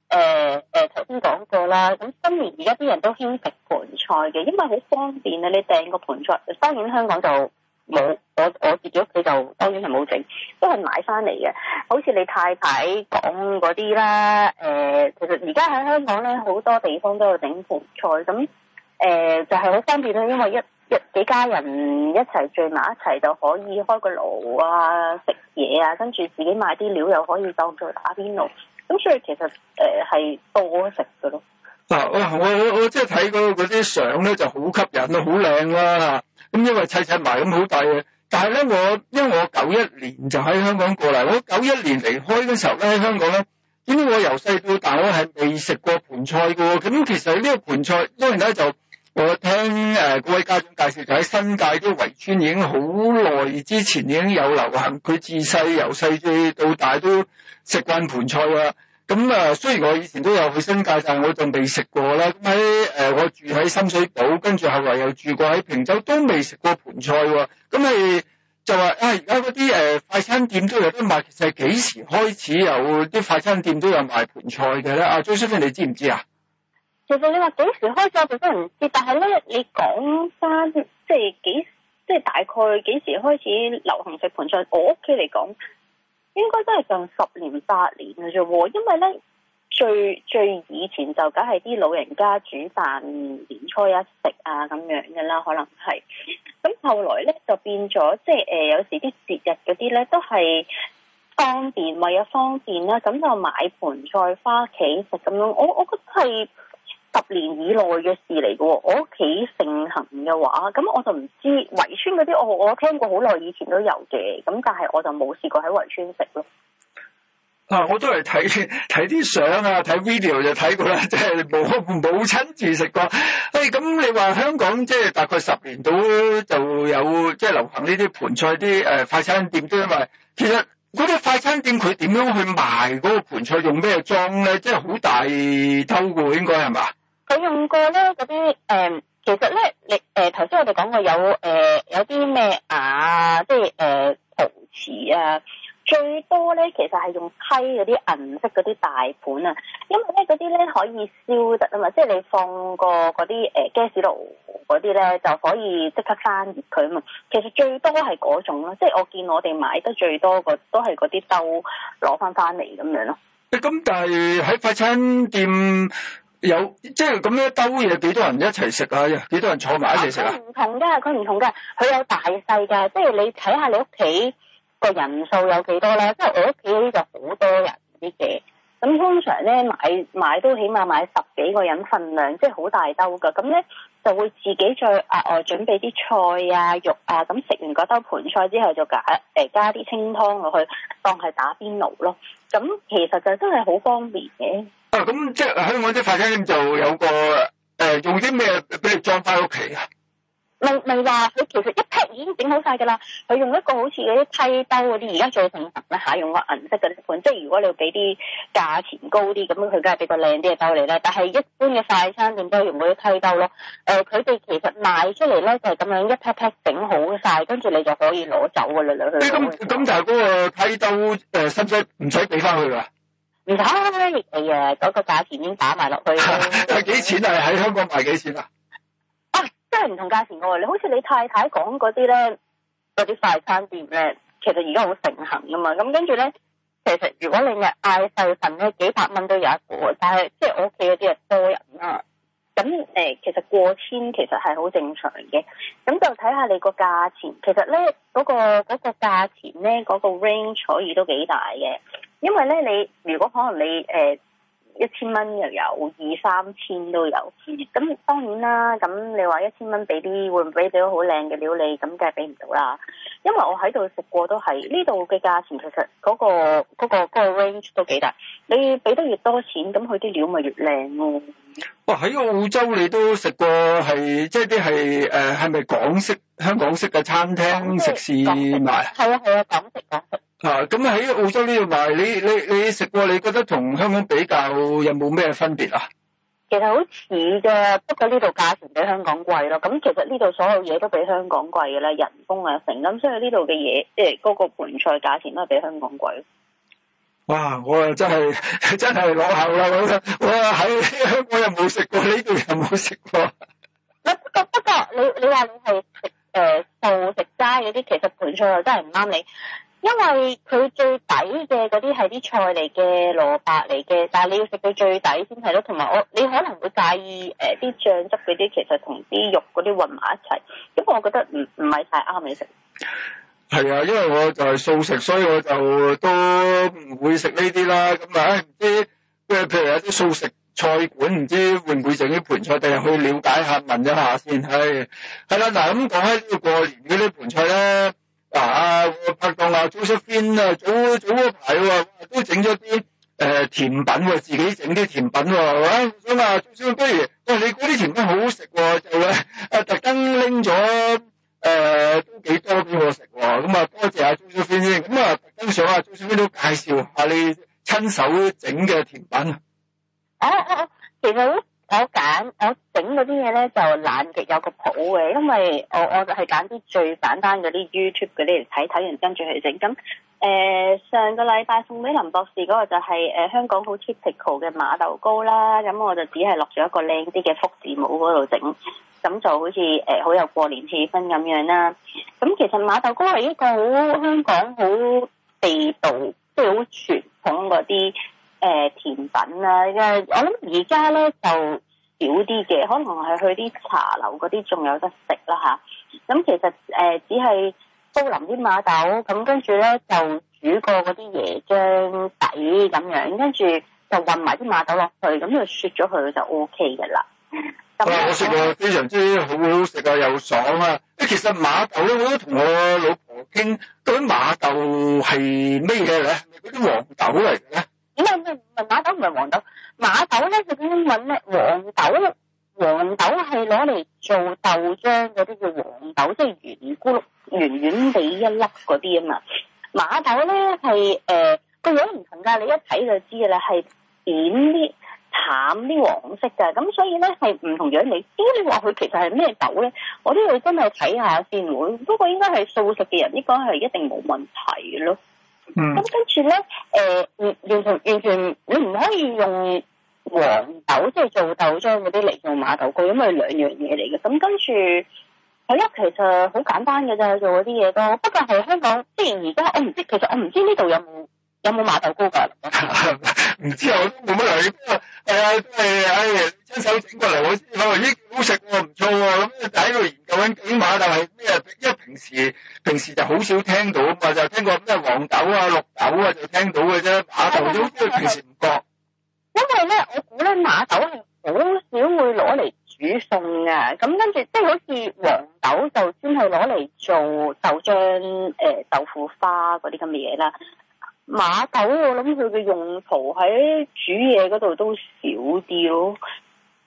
誒誒頭先講過啦，咁今年而家啲人都興食盤菜嘅，因為好方便啊！你訂個盤菜，當然香港就冇，我我自己屋企就當然係冇整，都係買翻嚟嘅。好似你太太講嗰啲啦，誒、呃、其實而家喺香港咧好多地方都有整盤菜，咁誒、呃、就係、是、好方便啦，因為一。一幾家人一齊聚埋一齊就可以開個爐啊，食嘢啊，跟住自己買啲料又可以當做打邊爐，咁所以其實誒係、呃、多食噶咯。嗱、啊，我我我即係睇到嗰啲相咧就好吸引啊，好靚啦，咁因為砌砌埋咁好大嘅。但係咧我因為我九一年就喺香港過嚟，我九一年離開嘅時候咧喺香港咧，咁我由細到大我係未食過盆菜噶喎、哦。咁、嗯、其實呢個盆菜，當然咧就。我聽誒各位家長介紹，就喺新界啲圍村已經好耐之前已經有流行，佢自細由細至到大都食慣盤菜啦。咁啊，雖然我以前都有去新界，但係我仲未食過啦。咁喺誒我住喺深水埗，跟住後嚟又住過喺平洲，都未食過盤菜喎。咁你就話啊，而家嗰啲誒快餐店都有得賣，其實係幾時開始有啲快餐店都有賣盤菜嘅咧？阿張生你知唔知啊？其實你話幾時開始，我哋都唔知。但係咧，你講翻即係幾即係大概幾時開始流行食盆菜？我屋企嚟講，應該都係近十年八年嘅啫。因為咧，最最以前就梗係啲老人家煮飯年初一食啊，咁樣嘅啦，可能係。咁後來咧就變咗，即係誒、呃，有時啲節日嗰啲咧都係方便，為咗方便啦，咁就買盆菜翻屋企食咁樣。我我覺得係。十年以內嘅事嚟嘅、哦，我屋企盛行嘅話，咁我就唔知圍村嗰啲，我我聽過好耐，以前都有嘅，咁但係我就冇試過喺圍村食咯。啊，我都係睇睇啲相啊，睇 video 就睇過啦，即係冇冇親自食過。誒，咁你話香港即係、就是、大概十年到就有即係、就是、流行呢啲盆菜啲誒快餐店，因為其實嗰啲快餐店佢點樣去賣嗰個盆菜用咩裝咧？即係好大兜嘅，應該係嘛？我用過咧嗰啲誒，其實咧你誒，頭、呃、先我哋講過有誒、呃、有啲咩瓦啊，即係誒陶瓷啊，最多咧其實係用溪嗰啲銀色嗰啲大盤啊，因為咧嗰啲咧可以燒得啊嘛，即係你放個嗰啲誒 gas 爐嗰啲咧就可以即刻返熱佢啊嘛。其實最多係嗰種咯，即係我見我哋買得最多個都係嗰啲兜攞翻翻嚟咁樣咯。咁但係喺快餐店。有即係咁樣一兜嘢，幾多人一齊食啊？幾多人坐埋一齊食啊？佢唔同嘅，佢唔同嘅，佢有大細嘅。即係你睇下你屋企個人數有幾多咧？即係我屋企呢就好多人啲嘅。咁通常咧買買都起碼買十幾個人份量，即係好大兜噶。咁咧。就會自己再額外、啊、準備啲菜啊、肉啊，咁食完嗰兜盤菜之後就加誒加啲清湯落去當係打邊爐咯。咁、啊、其實就真係好方便嘅。啊，咁即係香港啲快餐店就有個誒、呃、用啲咩俾你裝翻屋企啊？未未，話佢其實一劈已經整好晒㗎啦，佢用一個好似嗰啲批兜嗰啲，而家最盛行啦嚇，用個銀色嗰啲款，即係如果你要俾啲價錢高啲，咁佢梗係俾個靚啲嘅兜嚟咧。但係一般嘅快餐店都係用嗰啲批兜咯。誒、呃，佢哋其實賣出嚟咧就係、是、咁樣一劈劈整好晒，跟住你就可以攞走㗎啦。你咁、咁但係嗰個批兜誒，使唔使唔使俾翻佢㗎？唔使，係啊，嗰、那個價錢已經打埋落去啦。係幾 錢啊？喺香港賣幾錢啊？即係唔同價錢噶喎，你好似你太太講嗰啲咧，嗰啲快餐店咧，其實而家好盛行噶嘛，咁跟住咧，其實如果你嗌嗌細份咧，幾百蚊都有一個，但係即係我屋企嗰啲啊多人啦、啊，咁誒、呃，其實過千其實係好正常嘅，咁就睇下你個價錢，其實咧嗰個嗰個價錢咧，嗰個 range 所以都幾大嘅，因為咧你如果可能你誒。呃一千蚊又有二三千都有，咁當然啦。咁你話一千蚊俾啲，會唔會俾到好靚嘅料你？咁梗係俾唔到啦。因為我喺度食過都係呢度嘅價錢，其實嗰個嗰個嗰個 range 都幾大。你俾得越多錢，咁佢啲料咪越靚咯。哇！喺澳洲你都食過，係即係啲係誒係咪港式香港式嘅餐廳式食肆士賣啊？係啊係啊，港式港式。港式啊，咁喺澳洲呢度賣，你你你食過，你覺得同香港比較有冇咩分別啊？其實好似嘅，不過呢度價錢比香港貴咯。咁其實呢度所有嘢,都比香港貴嘅啦，人工啊成、成本，所以呢度嘅嘢，即係嗰個盤菜價錢都係比香港貴。哇！我啊真係真係落後啦，我喺香港又冇食過，呢度又冇食過。不不過你你話你係食誒素食齋嗰啲，其實盤菜又真係唔啱你。因為佢最底嘅嗰啲係啲菜嚟嘅、蘿蔔嚟嘅，但係你要食到最底先係咯。同埋我，你可能會介意誒，啲、呃、醬汁嗰啲其實同啲肉嗰啲混埋一齊，因為我覺得唔唔係太啱你食。係啊，因為我就係素食，所以我就都唔會食呢啲啦。咁、嗯、啊，唔知誒，譬如有啲素食菜館，唔知會唔會整啲盤菜，定係去了解下，問一下先。係，係啦、啊，嗱、嗯，咁講開要過年嗰啲盤菜咧。嗱，阿我拍檔阿朱叔謙啊，早早嗰排喎都整咗啲誒甜品喎，自己整啲甜品喎。咁啊，朱叔不如，我哋嗰啲甜品好好食喎，就咧誒特登拎咗誒都幾多俾我食喎。咁啊，多謝阿朱叔謙先。咁啊，特登想阿朱叔謙都介紹下你親手整嘅甜品啊。啊啊，其實咧～我揀我整嗰啲嘢咧，就爛極有個譜嘅，因為我我就係揀啲最簡單嗰啲 YouTube 嗰啲嚟睇，睇完跟住去整。咁誒、呃、上個禮拜送俾林博士嗰個就係、是、誒、呃、香港好 typical 嘅馬豆糕啦。咁我就只係落咗一個靚啲嘅福字帽嗰度整，咁就好似誒好有過年氣氛咁樣啦。咁其實馬豆糕係一個好香港好地道，即係好傳統嗰啲。誒，甜品啦，誒，我諗而家咧就少啲嘅，可能係去啲茶樓嗰啲仲有得食啦吓。咁、啊、其實誒、啊，只係煲淋啲馬豆，咁跟住咧就煮過嗰啲椰漿底咁樣，跟住就混埋啲馬豆落去，咁就雪咗佢就 O K 嘅啦。我食過，非常之好好食啊，又爽啊！誒，其實馬豆咧，我都同我老婆傾，究竟馬豆係咩嘅咧？嗰啲黃豆嚟嘅咧。點解唔係馬豆唔係黃豆？馬豆咧就咁問咧，黃豆黃豆係攞嚟做豆漿嗰啲叫黃豆，即係圓咕碌，圓圓地一粒嗰啲啊嘛。馬豆咧係誒個樣唔同噶，你一睇就知噶啦，係扁啲，淡啲黃色噶。咁所以咧係唔同樣，你知你話佢其實係咩豆咧，我都要真係睇下先。不過應該係素食嘅人，呢個係一定冇問題咯。咁、嗯、跟住咧，誒、呃，完全完全，你唔可以用黃豆即係做豆漿嗰啲嚟做馬豆糕，因為兩樣嘢嚟嘅。咁跟住係咯，其實好簡單嘅咋做嗰啲嘢都，不過係香港，即然而家我唔知，其實我唔知呢度有冇。有冇馬豆糕噶？唔 知啊，我都冇乜留意。係、哎、啊，都係唉，親、哎、手整過嚟，我先話呢好食喎，唔錯喎。咁啊，喺度研究緊，馬豆係咩？因為平時平時就好少聽到啊嘛，就聽過即係黃豆啊、綠豆啊，就聽到嘅啫。豆平時馬豆都即係其實唔覺。因為咧，我估咧馬豆係好少會攞嚟煮餸噶。咁跟住，即係好似黃豆就先係攞嚟做豆漿、誒、欸、豆腐花嗰啲咁嘅嘢啦。馬豆我諗佢嘅用途喺煮嘢嗰度都少啲咯，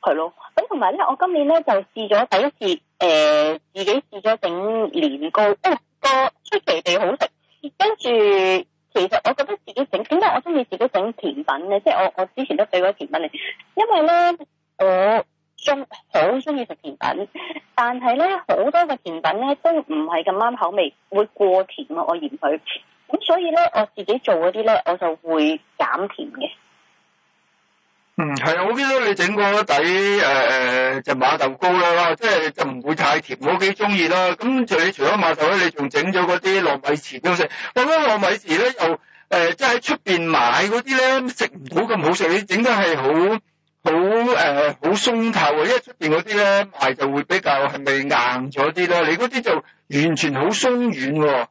係咯。咁同埋咧，我今年咧就試咗第一次，誒、呃，自己試咗整年糕，哦個出奇地好食。跟住，其實我覺得自己整，點解我中意自己整甜品嘅？即係我我之前都俾過甜品你，因為咧我中好中意食甜品，但係咧好多嘅甜品咧都唔係咁啱口味，會過甜啊，我嫌佢。咁所以咧，我自己做嗰啲咧，我就會減甜嘅。嗯，係啊，我記得你整嗰個底誒誒、呃，就馬、是、豆糕啦，即係就唔會太甜，我幾中意啦。咁就你除咗馬豆糕，你仲整咗嗰啲糯米糍都食。我覺得糯米糍咧又誒，即係喺出邊買嗰啲咧食唔到咁好食，你整得係好好誒好鬆透啊！因為出邊嗰啲咧賣就會比較係咪硬咗啲啦？你嗰啲就完全好鬆軟。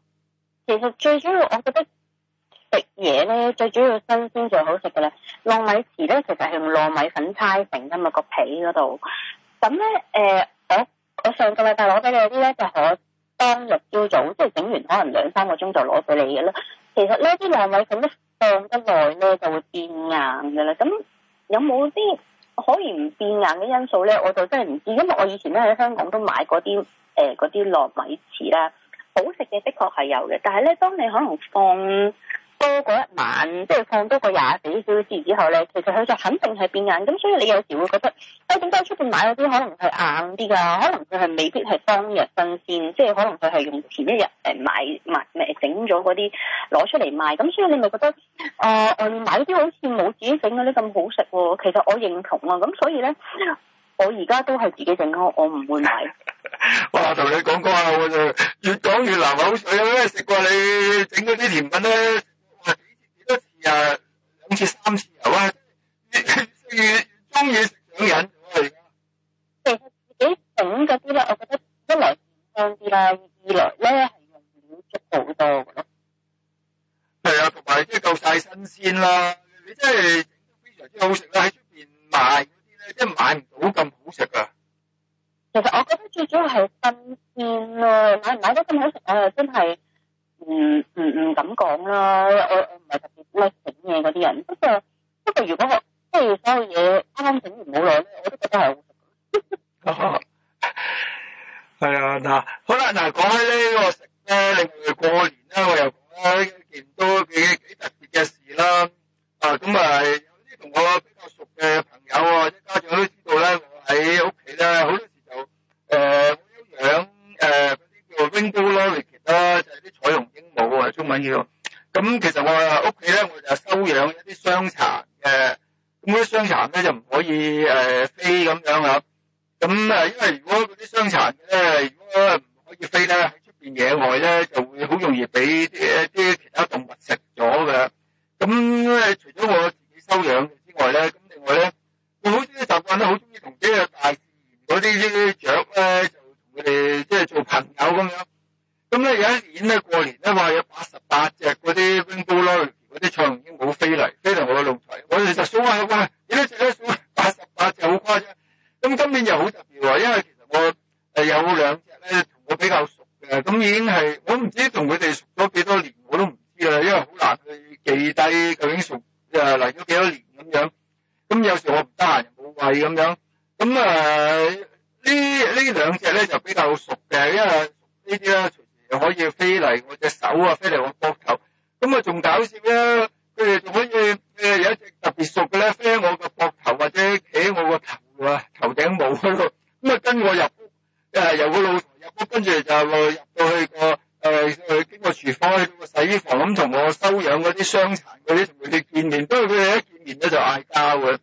其實最主要，我覺得食嘢咧最主要新鮮就好食噶啦。糯米糍咧，其實係用糯米粉搓成噶嘛個皮嗰度。咁咧，誒、呃，我我上個禮拜攞俾你啲咧，就係我當日朝早即係整完，可能兩三個鐘就攞俾你嘅啦。其實咧啲糯米粉一放得耐咧，就會變硬噶啦。咁有冇啲可以唔變硬嘅因素咧？我就真係唔知，因為我以前咧喺香港都買過啲誒嗰啲糯米糍啦。好食嘅，的確係有嘅，但係呢，當你可能放多過一晚，即係放多過廿幾小時之後呢，其實佢就肯定係變硬。咁所以你有時會覺得，誒點解出邊買嗰啲可能係硬啲㗎？可能佢係未必係當日新鮮，即係可能佢係用前一日誒買買誒整咗嗰啲攞出嚟賣。咁所以你咪覺得，誒外面買啲好似冇自己整嗰啲咁好食。其實我認同啊，咁所以呢。我而家都係自己整咯，我唔會買。哇！同你講過啦，我就越講越流口水啦。食過你整嗰啲甜品咧，幾幾多次啊？兩次、三次又啊？越越中意食上癮咗啦！其實自己整嗰啲咧，我覺得一來健康啲啦，二來咧係用料足好多咯。係啊，同埋即係夠晒新鮮啦。你真係整得非常之好食啦，喺出邊賣。即係買唔到咁好食噶其實我覺得最主要係新鮮咯，買唔買到咁好食，我又真係，嗯，唔唔唔敢講啦，我我唔係特別叻整嘢嗰啲人，不過不過如果我即係所有嘢啱啱整完冇耐咧，我都覺得係好食。啊，係啊，嗱，好啦，嗱，講起呢個食咧，你過年咧，我又講咗一件都幾幾特別嘅事啦，啊，咁咪。同我比較熟嘅朋友啊，啲家長都知道咧，我喺屋企咧，好多時就誒收養誒嗰啲叫 rainbow lorikeet 啦，就係啲彩虹鸚鵡啊，中文叫。咁其實我屋企咧，我就收養一啲傷殘嘅。咁啲傷殘咧就唔可以誒飛咁樣啊。咁啊，因為如果嗰啲傷殘咧，如果唔可以飛咧，喺出邊野外咧，就會好容易俾啲啲其他動物食咗嘅。咁咧，除咗我。收養之外咧，咁另外咧，我好中意習慣咧，好中意同啲啊大自然嗰啲啲雀咧，就同佢哋即係做朋友咁樣。咁咧有一年咧過年咧話有八十八隻嗰啲翁高鷄嗰啲菜鴨已經好飛嚟飛嚟我嘅露台，我哋就數下數下，有得數一數八十八隻，好誇張。咁今年又好特別喎，因為其實我係有兩隻咧同我比較熟嘅，咁已經係我唔知同佢哋熟咗幾多年，我都唔知啦，因為好難去記低究竟熟。就嚟咗幾多年咁樣，咁有時我唔得閒又冇喂咁樣，咁啊呢呢兩隻咧就比較熟嘅，因為呢啲啦，隨時可以飛嚟我隻手啊，飛嚟我膊頭，咁啊仲搞笑啦，佢哋仲可以誒有一隻特別熟嘅咧飛我個膊頭或者企喺我個頭啊頭頂帽嗰度，咁啊跟我入屋，即係由個老台入屋，跟住就入到去個。誒，呃、經過廚房去到個洗衣房咁，同我收養嗰啲傷殘嗰啲，同佢哋見面，都係佢哋一見面咧就嗌交嘅。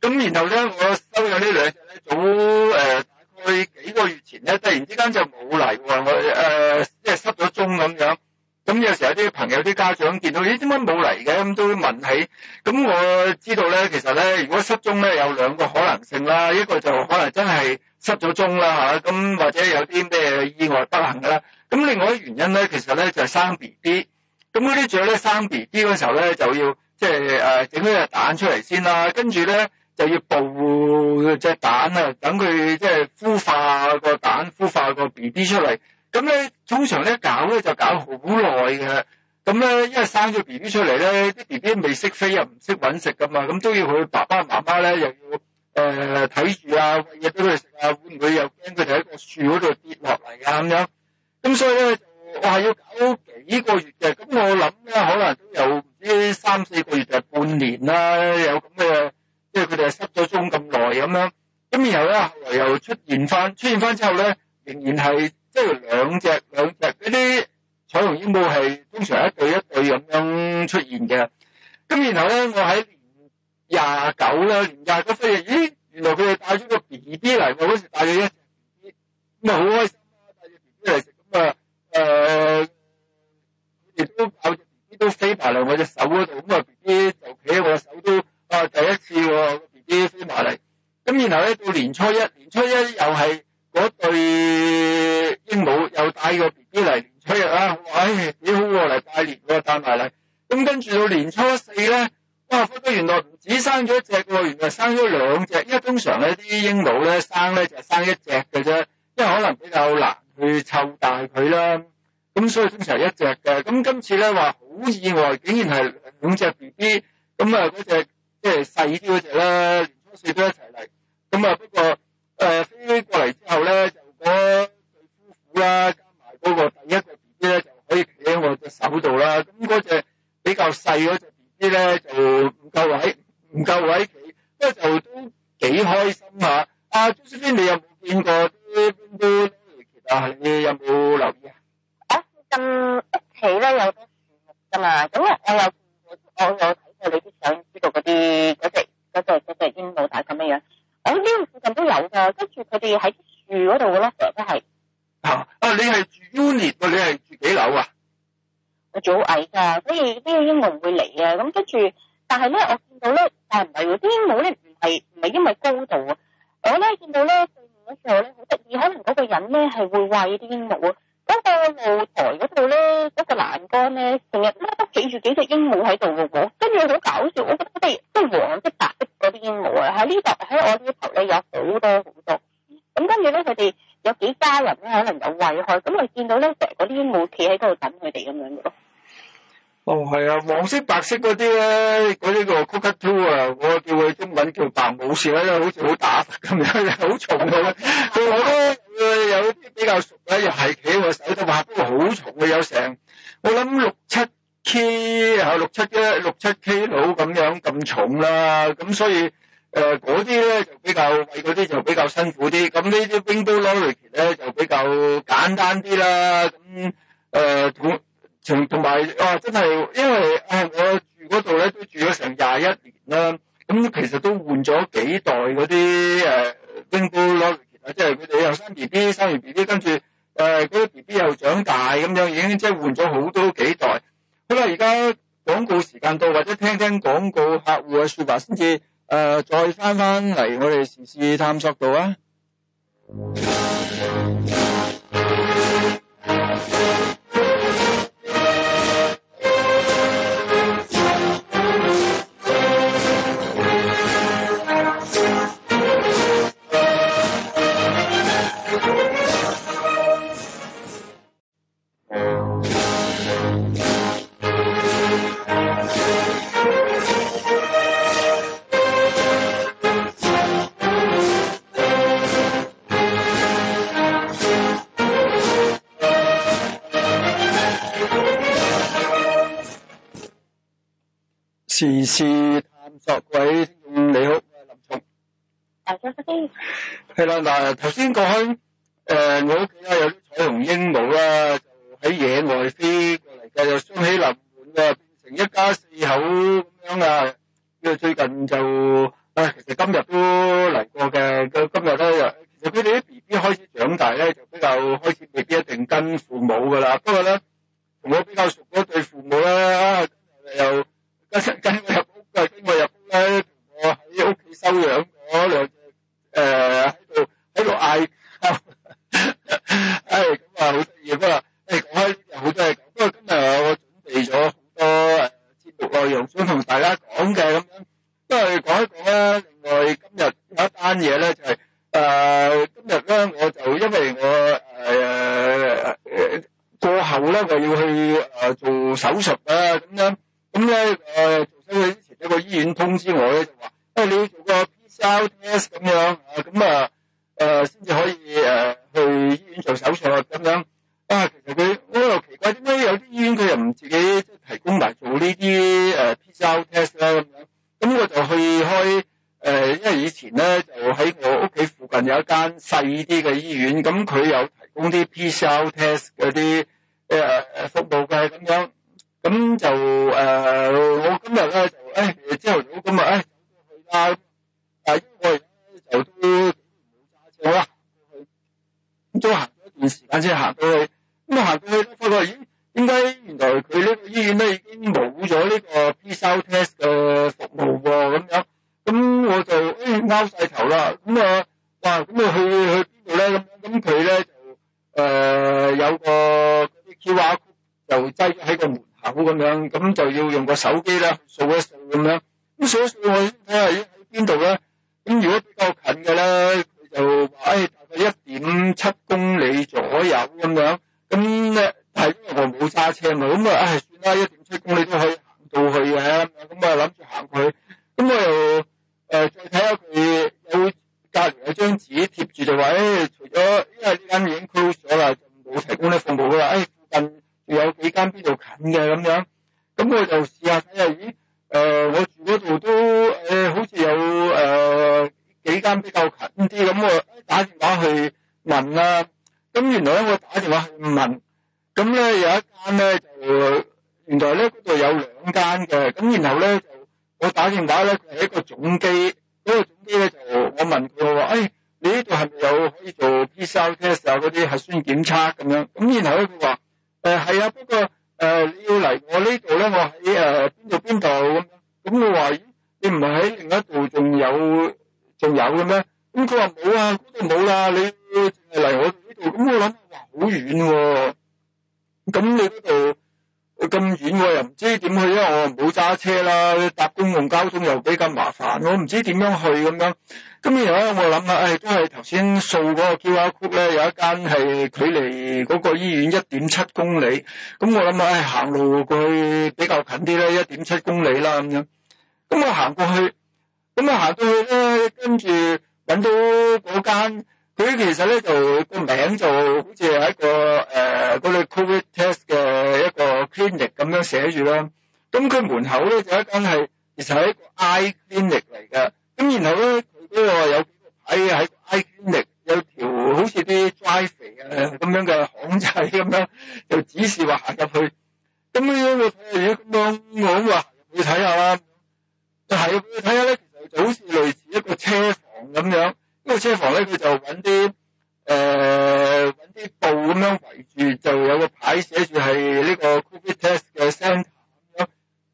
咁然後咧，我收養呢兩隻咧，早誒、呃，大概幾個月前咧，突然之間就冇嚟喎，我、呃、誒，即係失咗蹤咁樣。咁、嗯、有時候有啲朋友、啲家長見到，咦點解冇嚟嘅，咁都會問起。咁、嗯、我知道咧，其實咧，如果失蹤咧，有兩個可能性啦。一個就可能真係失咗蹤啦嚇，咁、啊嗯、或者有啲咩意外不幸啦。咁、嗯、另外一原因咧，其實咧就係、是、生 B B。咁嗰啲雀咧生 B B 嗰時候咧就要即係誒整咗隻蛋出嚟先啦，跟住咧就要保護隻蛋啊，等佢即係孵化個蛋，孵化個 B B 出嚟。咁咧，通常咧搞咧就搞好耐嘅。咁咧，因為生咗 B B 出嚟咧，啲 B B 未識飛又唔識揾食噶嘛，咁都要佢爸爸媽媽咧又要誒睇住啊，餵嘢俾佢食啊，會唔會又驚佢哋喺個樹嗰度跌落嚟啊？咁樣咁所以咧，我係要搞幾個月嘅。咁我諗咧，可能都有唔知三四個月就係半年啦，有咁嘅，即係佢哋係失咗蹤咁耐咁樣。咁然後咧，後來又出現翻，出現翻之後咧，仍然係。即係兩隻兩隻嗰啲彩虹鸚鵡係通常一對一對咁樣出現嘅。咁然後咧，我喺年廿九喇，年廿九忽然，咦，原來佢哋帶咗個 B B 嚟喎，嗰時帶咗一隻 B B。咁啊好開心啊，帶隻 B B 嚟食，咁啊誒，佢哋都搞隻 B B 都飛埋嚟我隻手嗰度，咁啊 B B 就企喺我隻手，手都啊第一次喎，B B 飛埋嚟。咁然後咧到年初一，年初一又係。我對鸚鵡又帶個 B B 嚟年初一啦，唉，話幾好喎嚟拜年，嗰個帶埋嚟。咁跟住到年初四咧，哇！原來唔止生咗一隻嘅，原來生咗兩隻。因為通常咧啲鸚鵡咧生咧就係生一隻嘅啫，因為可能比較難去湊大佢啦。咁所以通常一隻嘅。咁今次咧話好意外，竟然係兩隻 B B。咁啊嗰隻即係細啲嗰隻啦，年初四都一齊嚟。咁啊不過。誒飛過嚟之後咧，就嗰對夫婦啦，加埋嗰個第一個 BB 咧，就可以企喺我隻手度啦。咁嗰隻比較細嗰隻 BB 咧，就唔夠位，唔夠位企，不過就都幾開心嚇。阿朱小飛，你有冇見過啲鸚鵡咧？啊，你有冇留意啊？啊，咁屋企咧有啲樹木㗎嘛。咁啊，我又我有睇過你啲相，知道嗰啲嗰隻嗰隻嗰隻鸚鵡大概咩樣？我呢度附近都有噶，跟住佢哋喺啲樹嗰度嘅咯，成日都係。啊！啊！你係住 Unit 啊？你係住幾樓啊？我住好矮噶所以呢啲鸚鵡唔會嚟嘅，咁跟住，但係咧我見到咧，但係唔係喎，啲鸚鵡咧唔係唔係因為高度啊！我咧見到咧，對面時候咧好得意，可能嗰個人咧係會餵啲鸚鵡啊。嗰個露台嗰度咧，嗰、嗰個欄杆咧，成日咧都企住幾隻鸚鵡喺度嘅喎，跟住好搞笑，我覺得都係黃色、白色嗰啲鸚鵡啊，喺呢度喺我呢頭咧有好多好多，咁跟住咧佢哋有幾家人咧可能有遺害，咁我見到咧成日嗰啲鸚鵡企喺度等佢哋咁樣嘅咯。哦，係啊，黃色、白色嗰啲咧，嗰啲叫 cockatoo 啊，我叫佢英文叫白武士啦，因為好似好打咁樣，好重嘅。佢我咧有啲比較熟咧，又係企我手度滑，都好重嘅，有成我諗六七 k，然後六七一六七 k 佬咁樣咁重啦，咁所以誒嗰啲咧就比較，嗰啲就比較辛苦啲。咁呢啲 rainbow lorikeet 咧就比較簡單啲啦，咁誒。同同埋啊，真係因為啊，我住嗰度咧都住咗成廿一年啦，咁其實都換咗幾代嗰啲誒政府攞嚟，即係佢哋又生 B B，生完 B B 跟住誒嗰啲 B B 又長大咁樣，已經即係換咗好多幾代。好啦，而家廣告時間到，或者聽聽廣告客戶嘅説話先至誒，再翻翻嚟我哋時事探索度啊。時事探索，各位聽眾你好，我係林松。大家好，係啦，嗱，頭先講開，誒，我屋企咧有啲彩虹鸚鵡啦，就喺野外飛過嚟嘅，又雙喜臨門嘅，變成一家四口咁樣啊。咁啊，最近就，啊，其實今日都嚟過嘅。咁今日咧又，其實佢哋啲 B B 開始長大咧，就比較開始未必一定跟父母噶啦。不過咧，同我比較熟嗰對父母咧，又～跟我入屋，佢係跟我入屋咧，我喺屋企收養。細啲嘅醫院，咁佢有提供啲 PCR test。又比較麻煩，我唔知點樣去咁樣。咁然後咧，我諗下，誒，都係頭先掃個 QR code 咧，有一間係距離個醫院一點七公里。咁我諗下，誒、哎、行路過去比較近啲啦，一點七公里啦咁樣，咁我行過去，咁啊行過去咧，跟住揾到間，佢其實咧就個名就好似係一個誒嗰、呃、啲 Covid Test 嘅一個 Clinic 咁樣寫住啦。咁佢門口咧就一間係。其實係一個 Eye Clinic 嚟嘅，咁然後咧佢呢個有幾個牌喺 Eye Clinic，有條好似啲 drive 啊咁樣嘅巷仔咁樣，就指示話行入去。咁樣我睇下嘢，咁樣我都話要睇下啦。係啊，去睇下咧，其實就好似類似一個車房咁樣。呢個車房咧，佢就揾啲誒揾啲布咁樣圍住，就有個牌寫住係呢個 COVID test 嘅 centre 咁樣。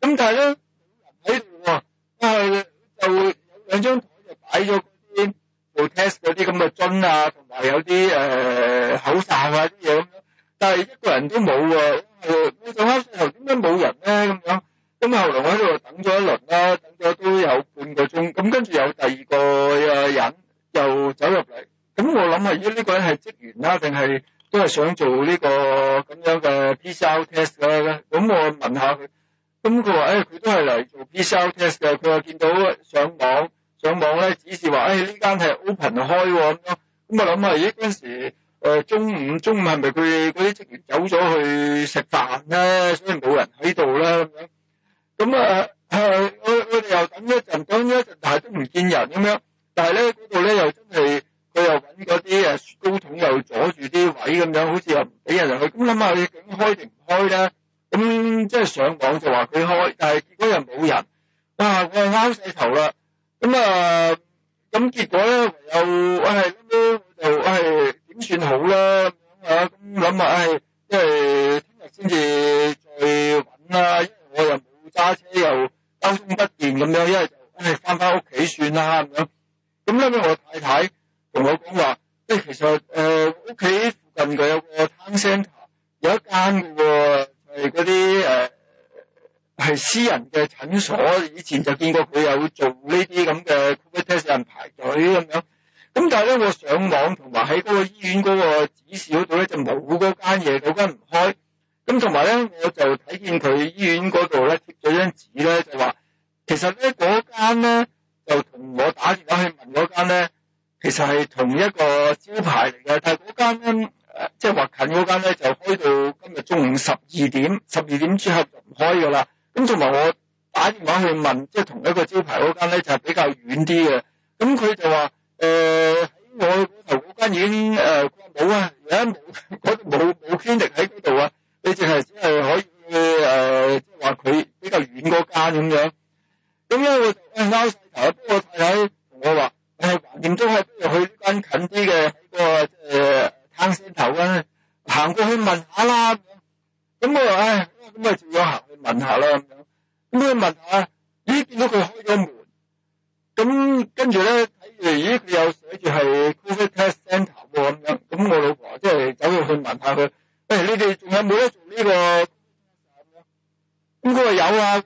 咁但係咧。喺度喎，咁係就會有兩張台就擺咗啲做 test 嗰啲咁嘅樽啊，同埋有啲誒口罩啊啲嘢咁樣，但係一個人都冇喎，咁我我走翻去後，點解冇人咧咁樣？咁後嚟我喺度等咗一輪啦，等咗都有半個鐘，咁跟住有第二個啊人又走入嚟，咁我諗係依呢個人係職員啦，定係都係想做呢個咁樣嘅 PCR test 啦？咁我問下佢。咁佢話：，誒，佢都係嚟做 PCR test 嘅，佢又見到上網上網咧，指示話：，誒、哎，呢間係 open 開喎，咁樣。咁我諗下，咦，嗰陣時中午中午係咪佢嗰啲職員走咗去食飯咧？所以冇人喺度咧咁樣。咁啊，我我哋又等一陣，等咗一陣，但係都唔見人咁樣。但係咧，嗰度咧又真係佢又揾嗰啲誒雪糕筒又阻住啲位咁樣，好似又唔俾人入去。咁諗下佢究竟開定唔開咧？咁即係上網就話佢開，但係結果又冇人哇！我啱曬頭啦，咁啊，咁結果咧，唯有我係咁樣，我就我係點算好咧咁樣啊？咁諗埋，唉，即係聽日先至再揾啦，因為我又冇揸車，又交通不便咁樣，因為就唉翻返屋企算啦咁樣。咁咧我太太同我講話，即係其實誒屋企附近嘅有個 town centre，有一間嘅喎。係嗰啲誒，係、呃、私人嘅診所，以前就見過佢有做呢啲咁嘅 quick test，人排隊咁樣。咁但係咧，我上網同埋喺嗰個醫院嗰個指示嗰度咧，就冇嗰間嘢，嗰間唔開。咁同埋咧，我就睇見佢醫院嗰度咧貼咗張紙咧，就話、是、其實咧嗰間咧就同我打電話去問嗰間咧，其實係同一個招牌嚟嘅，但係嗰間咧。誒，即係話近嗰間咧，就開到今日中午十二點，十二點之後就唔開㗎喇。咁同埋我打電話去問，即、就、係、是、同一個招牌嗰間咧，就係比較遠啲嘅。咁佢就話誒，喺、呃、我頭嗰間已經誒冇啊，而家冇，嗰度冇冇精力喺嗰度啊。你淨係只係可以誒，即係話佢比較遠嗰間咁樣。咁咧，嗯、我就拗曬頭，我太太同我話：我係點都係都要去呢間近啲嘅個誒。頭啊，行過去問下啦。咁我話唉，咁咪就要行去問下啦咁樣。咁去問下，咦見到佢開咗門。咁跟住咧睇住，咦佢有寫住係 COVID test centre 咁樣。咁我老婆即係走去去問下佢。唉，你哋仲有冇得做呢個？咁佢話有啊。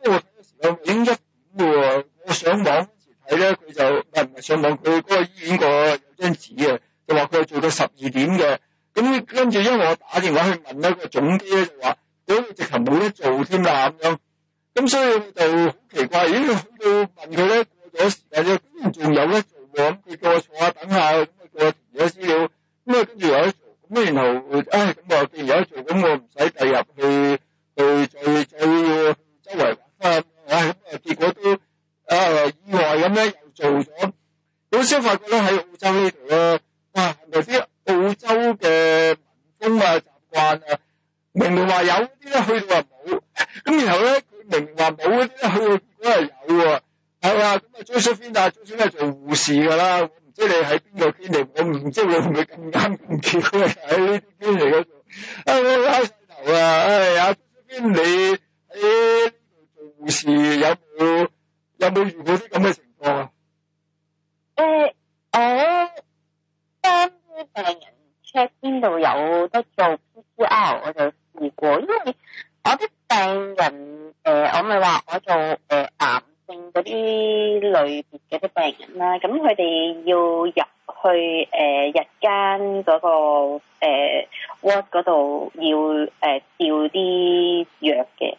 我睇嘅時候影一五嘅喎，我上網前睇咧，佢就唔係上網，佢嗰個醫院個有張紙啊。佢話佢做到十二點嘅，咁跟住因為我打電話去問一個總機咧，就話，嗰個直頭冇得做添啦咁樣。咁所以就好奇怪，咦？要問佢咧過咗時間之後，竟然仲有得做喎？咁佢叫我坐下等下，咁啊填咗資料，咁啊跟住有得做，咁啊然後啊咁我見有得做，咁我唔使入去去再再要周圍玩翻。唉，咁啊結果都啊意外咁咧又做咗。好少發覺咧喺澳洲呢度咯。哇！係咪啲澳洲嘅民工啊、習慣啊，明明話有啲咧去到又冇，咁然後咧佢明明話冇嗰啲咧去到結果係有喎，係、哎、啊！咁啊，張淑芬啊，張淑芬係做護士噶啦，我唔知你喺邊個邊嚟，我唔知會唔會更加混淆喺呢啲邊嚟嘅。啊，我拉晒頭啊！唉呀，張淑芬，你喺呢度做護士有冇有冇遇到啲咁嘅情況啊？哦。我。啲病人 check 邊度有得做 PCR，我就試過，因為我啲病人，誒，我咪話我做誒癌症嗰啲類別嘅啲病人啦，咁佢哋要入去誒日間嗰個誒 ward 嗰度要誒吊啲藥嘅，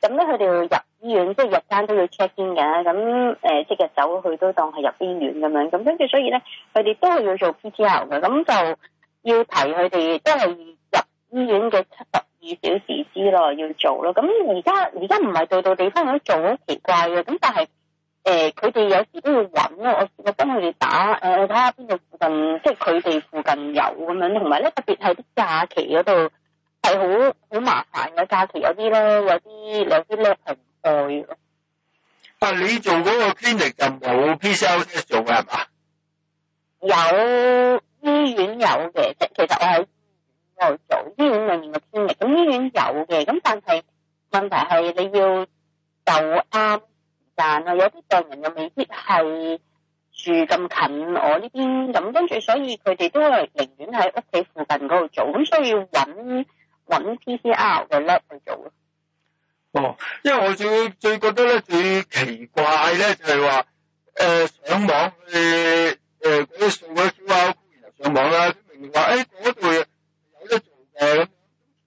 咁咧佢哋要入。醫院即係日間都要 check in 嘅，咁誒、呃、即日走去都當係入醫院咁樣，咁跟住所以咧，佢哋都係要做 P C R 嘅，咁就要提佢哋都係入醫院嘅七十二小時之內要做咯。咁而家而家唔係度度地方咁做，好奇怪嘅。咁但係誒，佢、呃、哋有時都要揾咯，我我幫佢哋打，誒睇下邊度附近，即係佢哋附近有咁樣。同埋咧，特別喺啲假期嗰度係好好麻煩嘅，假期有啲咧，有啲兩 t h 啊！你做嗰個 clinic 就冇 PCR 做嘅係嘛？有醫院有嘅，即係其實我喺醫院度做，醫院裏面嘅 clinic。咁醫院有嘅，咁但係問題係你要就啱時間咯，但係有啲病人又未必係住咁近我呢邊，咁跟住所以佢哋都係寧願喺屋企附近嗰度做，咁所以要揾揾 PCR 嘅 lab 去做咯。因為我最最覺得咧最奇怪咧就係話誒上網去誒嗰啲數位招工，然後上網啦，明明話誒度有得做嘅。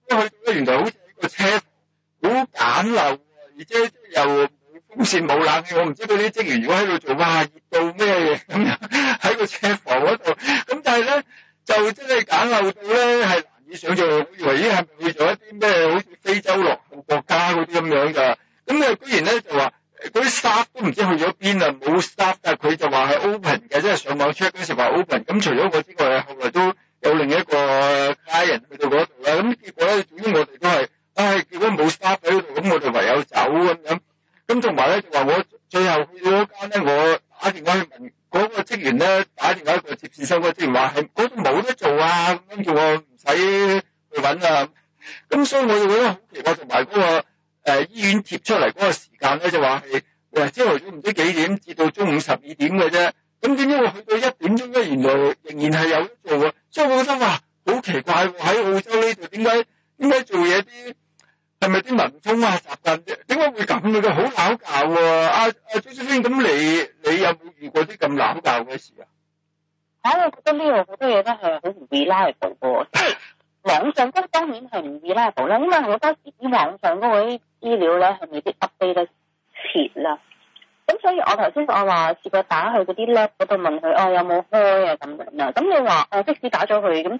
咁一去到咧，原來好似喺個車房好簡陋，而且又風扇冇冷氣，我唔知道啲職員如果喺度做，哇熱到咩嘢咁樣，喺個車房度，咁但係咧就真係簡陋到咧。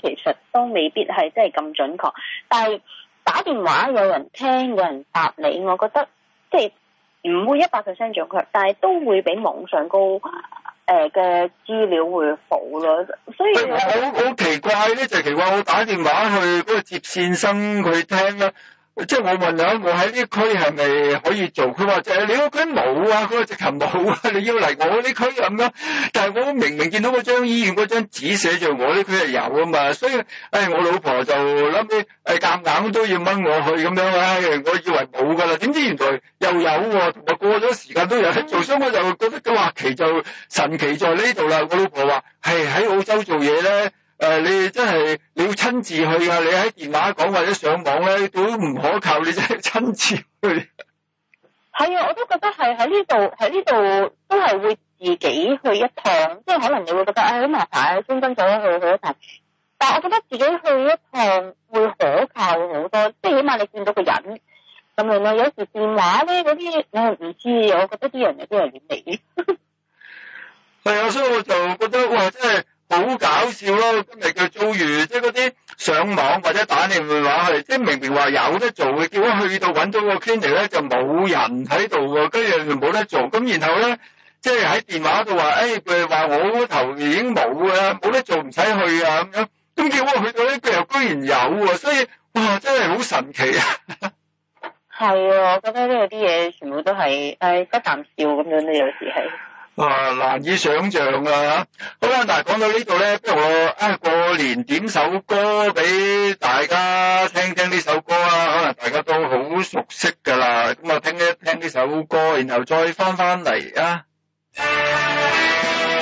其實都未必係真係咁準確，但係打電話有人聽，有人答你，我覺得即係唔會一百 percent 準確，但係都會比網上高誒嘅資料會好咯。所以好好奇怪咧，就係奇怪，我打電話去嗰個接線生，佢聽咧。即係我問啦，我喺呢區係咪可以做？佢話就係你嗰區冇啊，嗰直琴冇啊，你要嚟我呢區咁樣。但係我明明見到我張醫院嗰張紙寫著我呢區係有啊嘛。所以誒、哎，我老婆就諗起誒夾硬都要掹我去咁樣啊。我以為冇㗎啦，點知原來又有喎、啊，同埋過咗時間都有做。做商、嗯、我就覺得個話奇就神奇在呢度啦。我老婆話係喺澳洲做嘢咧。誒、呃，你真係，你要親自去啊！你喺電話講或者上網咧都唔可靠，你真係親自去。係啊，我都覺得係喺呢度，喺呢度都係會自己去一趟，即係可能你會覺得誒好、哎、麻煩，專登走去去一去好一大段，但係我覺得自己去一趟會可靠好多，即係起碼你見到個人咁樣咧。原來有時電話咧嗰啲，你又唔知，我覺得啲人有啲人假嘅。係啊，所以我就覺得話即係。好搞笑咯！今日嘅遭遇，即係嗰啲上網或者打電話去，即係明明話有得做嘅，結果去到搵到個 clinic 咧就冇人喺度喎，跟住就冇得做。咁然後咧，即係喺電話度話，誒佢話我頭已經冇啦，冇得做，唔使去啊咁樣。咁結果去到咧，佢又居然有喎，所以哇，真係好神奇啊！係 啊，我覺得呢個啲嘢全部都係誒一啖笑咁樣呢，有時係。啊，難以想像啊。好啦、啊，嗱，講到呢度咧，不如我啊過年點首歌俾大家聽聽呢首歌啊。可能大家都好熟悉㗎啦。咁啊，聽一聽呢首歌，然後再翻翻嚟啊。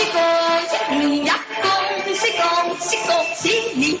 恭喜恭喜恭喜你呀！恭喜恭喜恭喜你！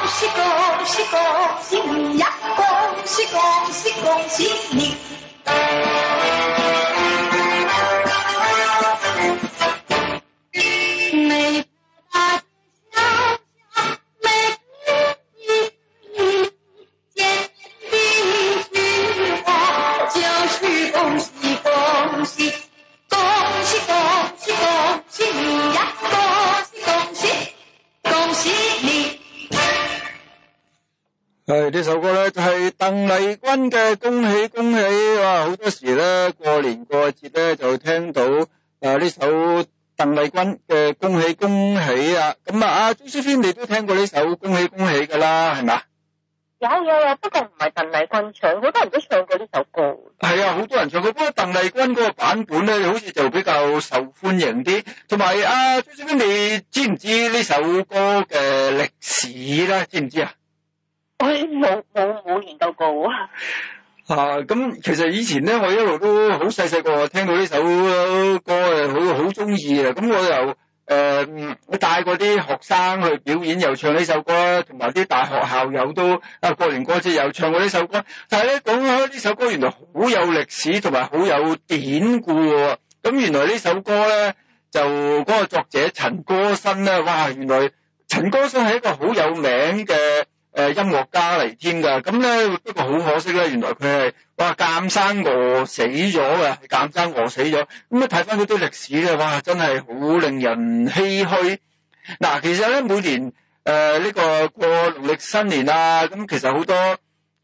恭喜恭喜恭喜你呀！恭喜恭喜恭喜你！係呢首歌咧，就係鄧麗君嘅《恭喜恭喜》哇！好多時咧，過年過節咧就聽到啊呢首鄧麗君嘅《恭喜恭喜》啊，咁、嗯、啊阿朱師傅你都聽過呢首《恭喜恭喜》噶啦，係咪？有有有，不過唔係鄧麗君唱，好多人都唱過呢首歌。係啊，好多人唱過，不過鄧麗君嗰個版本咧，好似就比較受歡迎啲。同埋啊，朱師傅，你知唔知呢首歌嘅歷史咧？知唔知啊？我冇冇冇研究過啊！啊，咁其實以前咧，我一路都好細細個聽到呢首歌誒，好好中意啊！咁我又誒，我帶過啲學生去表演，又唱呢首歌啦，同埋啲大學校友都啊，過年過節又唱過呢首歌。但係咧，講呢首歌，原來好有歷史同埋好有典故。哦。咁原來呢首歌咧，就嗰個作者陳歌辛咧，哇！原來陳歌辛係一個好有名嘅。誒音樂家嚟添㗎，咁咧不過好可惜咧。原來佢係哇，生餓死咗嘅，生餓死咗。咁咧睇翻嗰啲歷史咧，哇，真係好令人唏噓嗱、啊。其實咧，每年誒呢、呃這個過農曆新年啊，咁其實好多誒、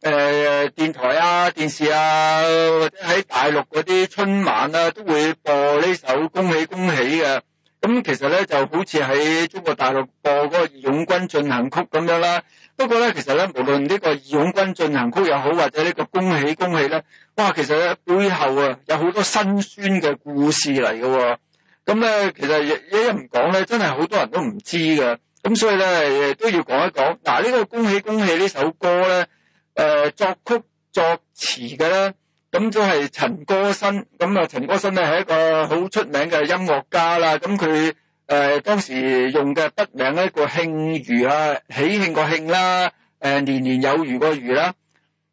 呃、電台啊、電視啊，或者喺大陸嗰啲春晚啊，都會播呢首恭喜恭喜嘅。咁其實咧就好似喺中國大陸播嗰、嗰個義勇軍進行曲咁樣啦。不過咧，其實咧，無論呢、這個義勇軍進行曲又好，或者呢、這個恭喜恭喜咧，哇，其實咧，背後啊有好多辛酸嘅故事嚟嘅喎。咁咧，其實一一唔講咧，真係好多人都唔知嘅。咁所以咧，都要講一講。嗱、啊，呢、這個恭喜恭喜呢首歌咧，誒、呃、作曲作詞嘅咧，咁都係陳歌辛。咁啊，陳歌辛咧係一個好出名嘅音樂家啦。咁佢。誒、呃，當時用嘅筆名一個慶餘啊，喜慶個慶啦，誒、呃、年年有餘個餘啦，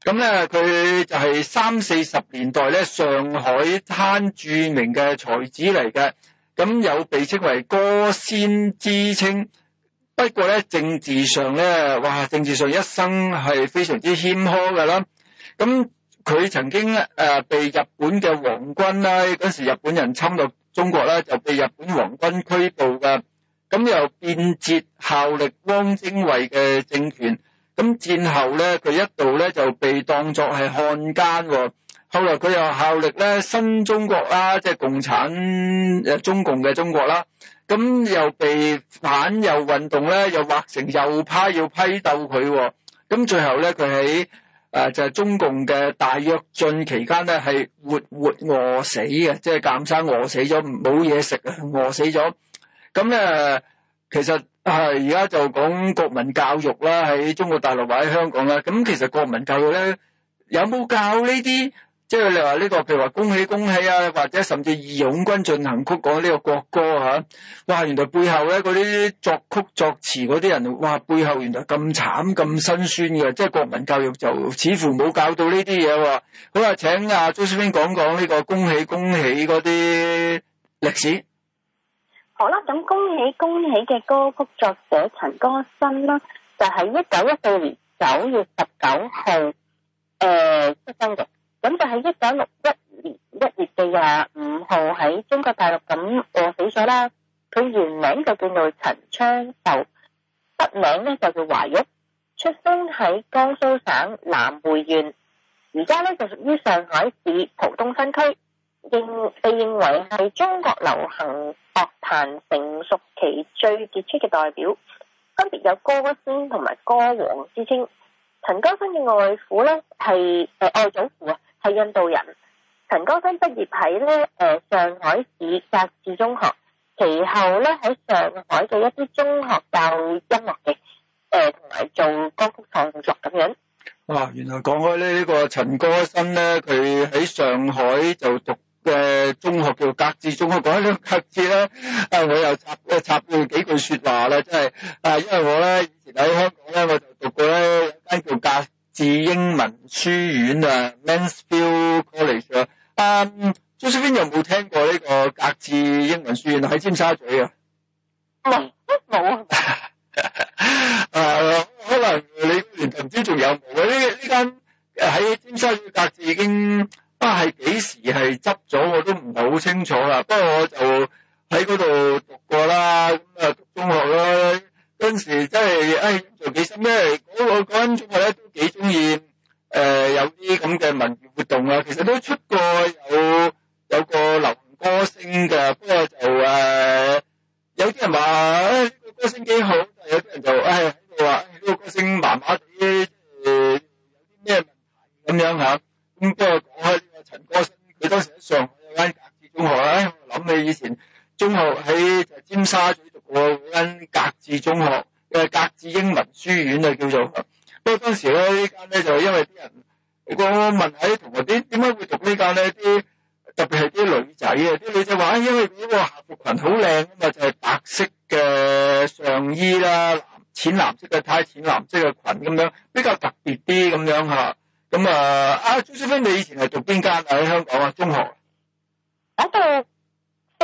咁咧佢就係三四十年代咧上海灘著名嘅才子嚟嘅，咁、嗯、有被稱為歌仙之稱，不過咧政治上咧，哇政治上一生係非常之坎坷噶啦，咁、嗯、佢曾經誒、呃、被日本嘅皇軍啦，嗰時日本人侵略中國咧就被日本皇軍拘捕嘅，咁又變節效力汪精衛嘅政權，咁戰後咧佢一度咧就被當作係漢奸喎，後來佢又效力咧新中國啦，即係共產誒中共嘅中國啦，咁又被反右運動咧又劃成右派要批鬥佢喎，咁最後咧佢喺。誒、啊、就係、是、中共嘅大躍進期間咧，係活活餓死嘅，即係減生餓死咗，冇嘢食啊，餓死咗。咁咧，其實誒而家就講國民教育啦，喺中國大陸或者香港啦。咁其實國民教育咧，有冇教呢啲？即係你話呢個，譬如話《恭喜恭喜》啊，或者甚至《義勇軍進行曲》講呢個國歌吓，哇、啊！原來背後咧嗰啲作曲作詞嗰啲人，哇！背後原來咁慘咁辛酸嘅，即、就、係、是、國民教育就似乎冇教到呢啲嘢。我話佢話，請阿周先生講講呢個《恭喜恭喜》嗰啲歷史。好啦，咁《恭喜恭喜》嘅歌曲作者陳歌辛啦，就喺一九一四年九月十九號誒出生嘅。呃咁就係一九六一年一月四廿五號，喺中國大陸咁降死咗啦。佢原名就叫做陳昌壽，筆名呢就叫華玉。出生喺江蘇省南匯縣，而家呢就屬於上海市浦東新區。認被認為係中國流行樂壇成熟期最傑出嘅代表，分別有歌仙同埋歌王之稱。陳歌辛嘅外父呢係誒外祖父啊。係印度人，陳歌辛畢業喺咧誒上海市格致中學，其後咧喺上海嘅一啲中學教音樂嘅，誒同埋做歌曲創作咁樣。啊，原來講開咧呢個陳歌辛咧，佢喺上海就讀嘅中學叫格致中學呢。講起呢個格致咧，啊我又插誒插佢幾句說話啦，即係啊，因為我咧以前喺香港咧，我就讀過咧有一間叫格致。格致英文書院啊，Mansfield College。嗯、uh,，Josephine 有冇聽過呢個格致英文書院喺尖沙咀啊？冇，冇啊？可能你嗰年唔知仲有冇呢？呢間喺尖沙咀格致已經啊，係幾時係執咗，我都唔係好清楚啦。不過我就喺嗰度讀過啦，咁、嗯、啊讀中學啦。嗰陣時真係誒做幾深，因為嗰個嗰間中學咧都幾中意誒，有啲咁嘅文娛活動啊，其實都出過有有個流行歌星嘅，不過就誒有啲人話誒呢個歌星幾好，但有啲人就誒喺度話呢個歌星麻麻哋，誒有啲咩問題咁樣嚇。咁不過講開呢個陳歌辛，佢當時喺上海嗰間格致中學咧，諗起以前中學喺就尖沙咀。我間格致中學嘅格致英文書院啊，叫做。不過當時咧呢間咧就是、因為啲人，如果我問下啲同學啲點解會讀間呢間咧？啲特別係啲女仔啊，啲女仔話、哎、因為呢個校服裙好靚啊嘛，就係、是、白色嘅上衣啦，淺藍，藍色嘅 tie 淺藍色嘅裙咁樣，比較特別啲咁樣吓。咁啊，阿朱小芬，ine, 你以前係讀邊間啊？喺香港啊，中學、啊？我讀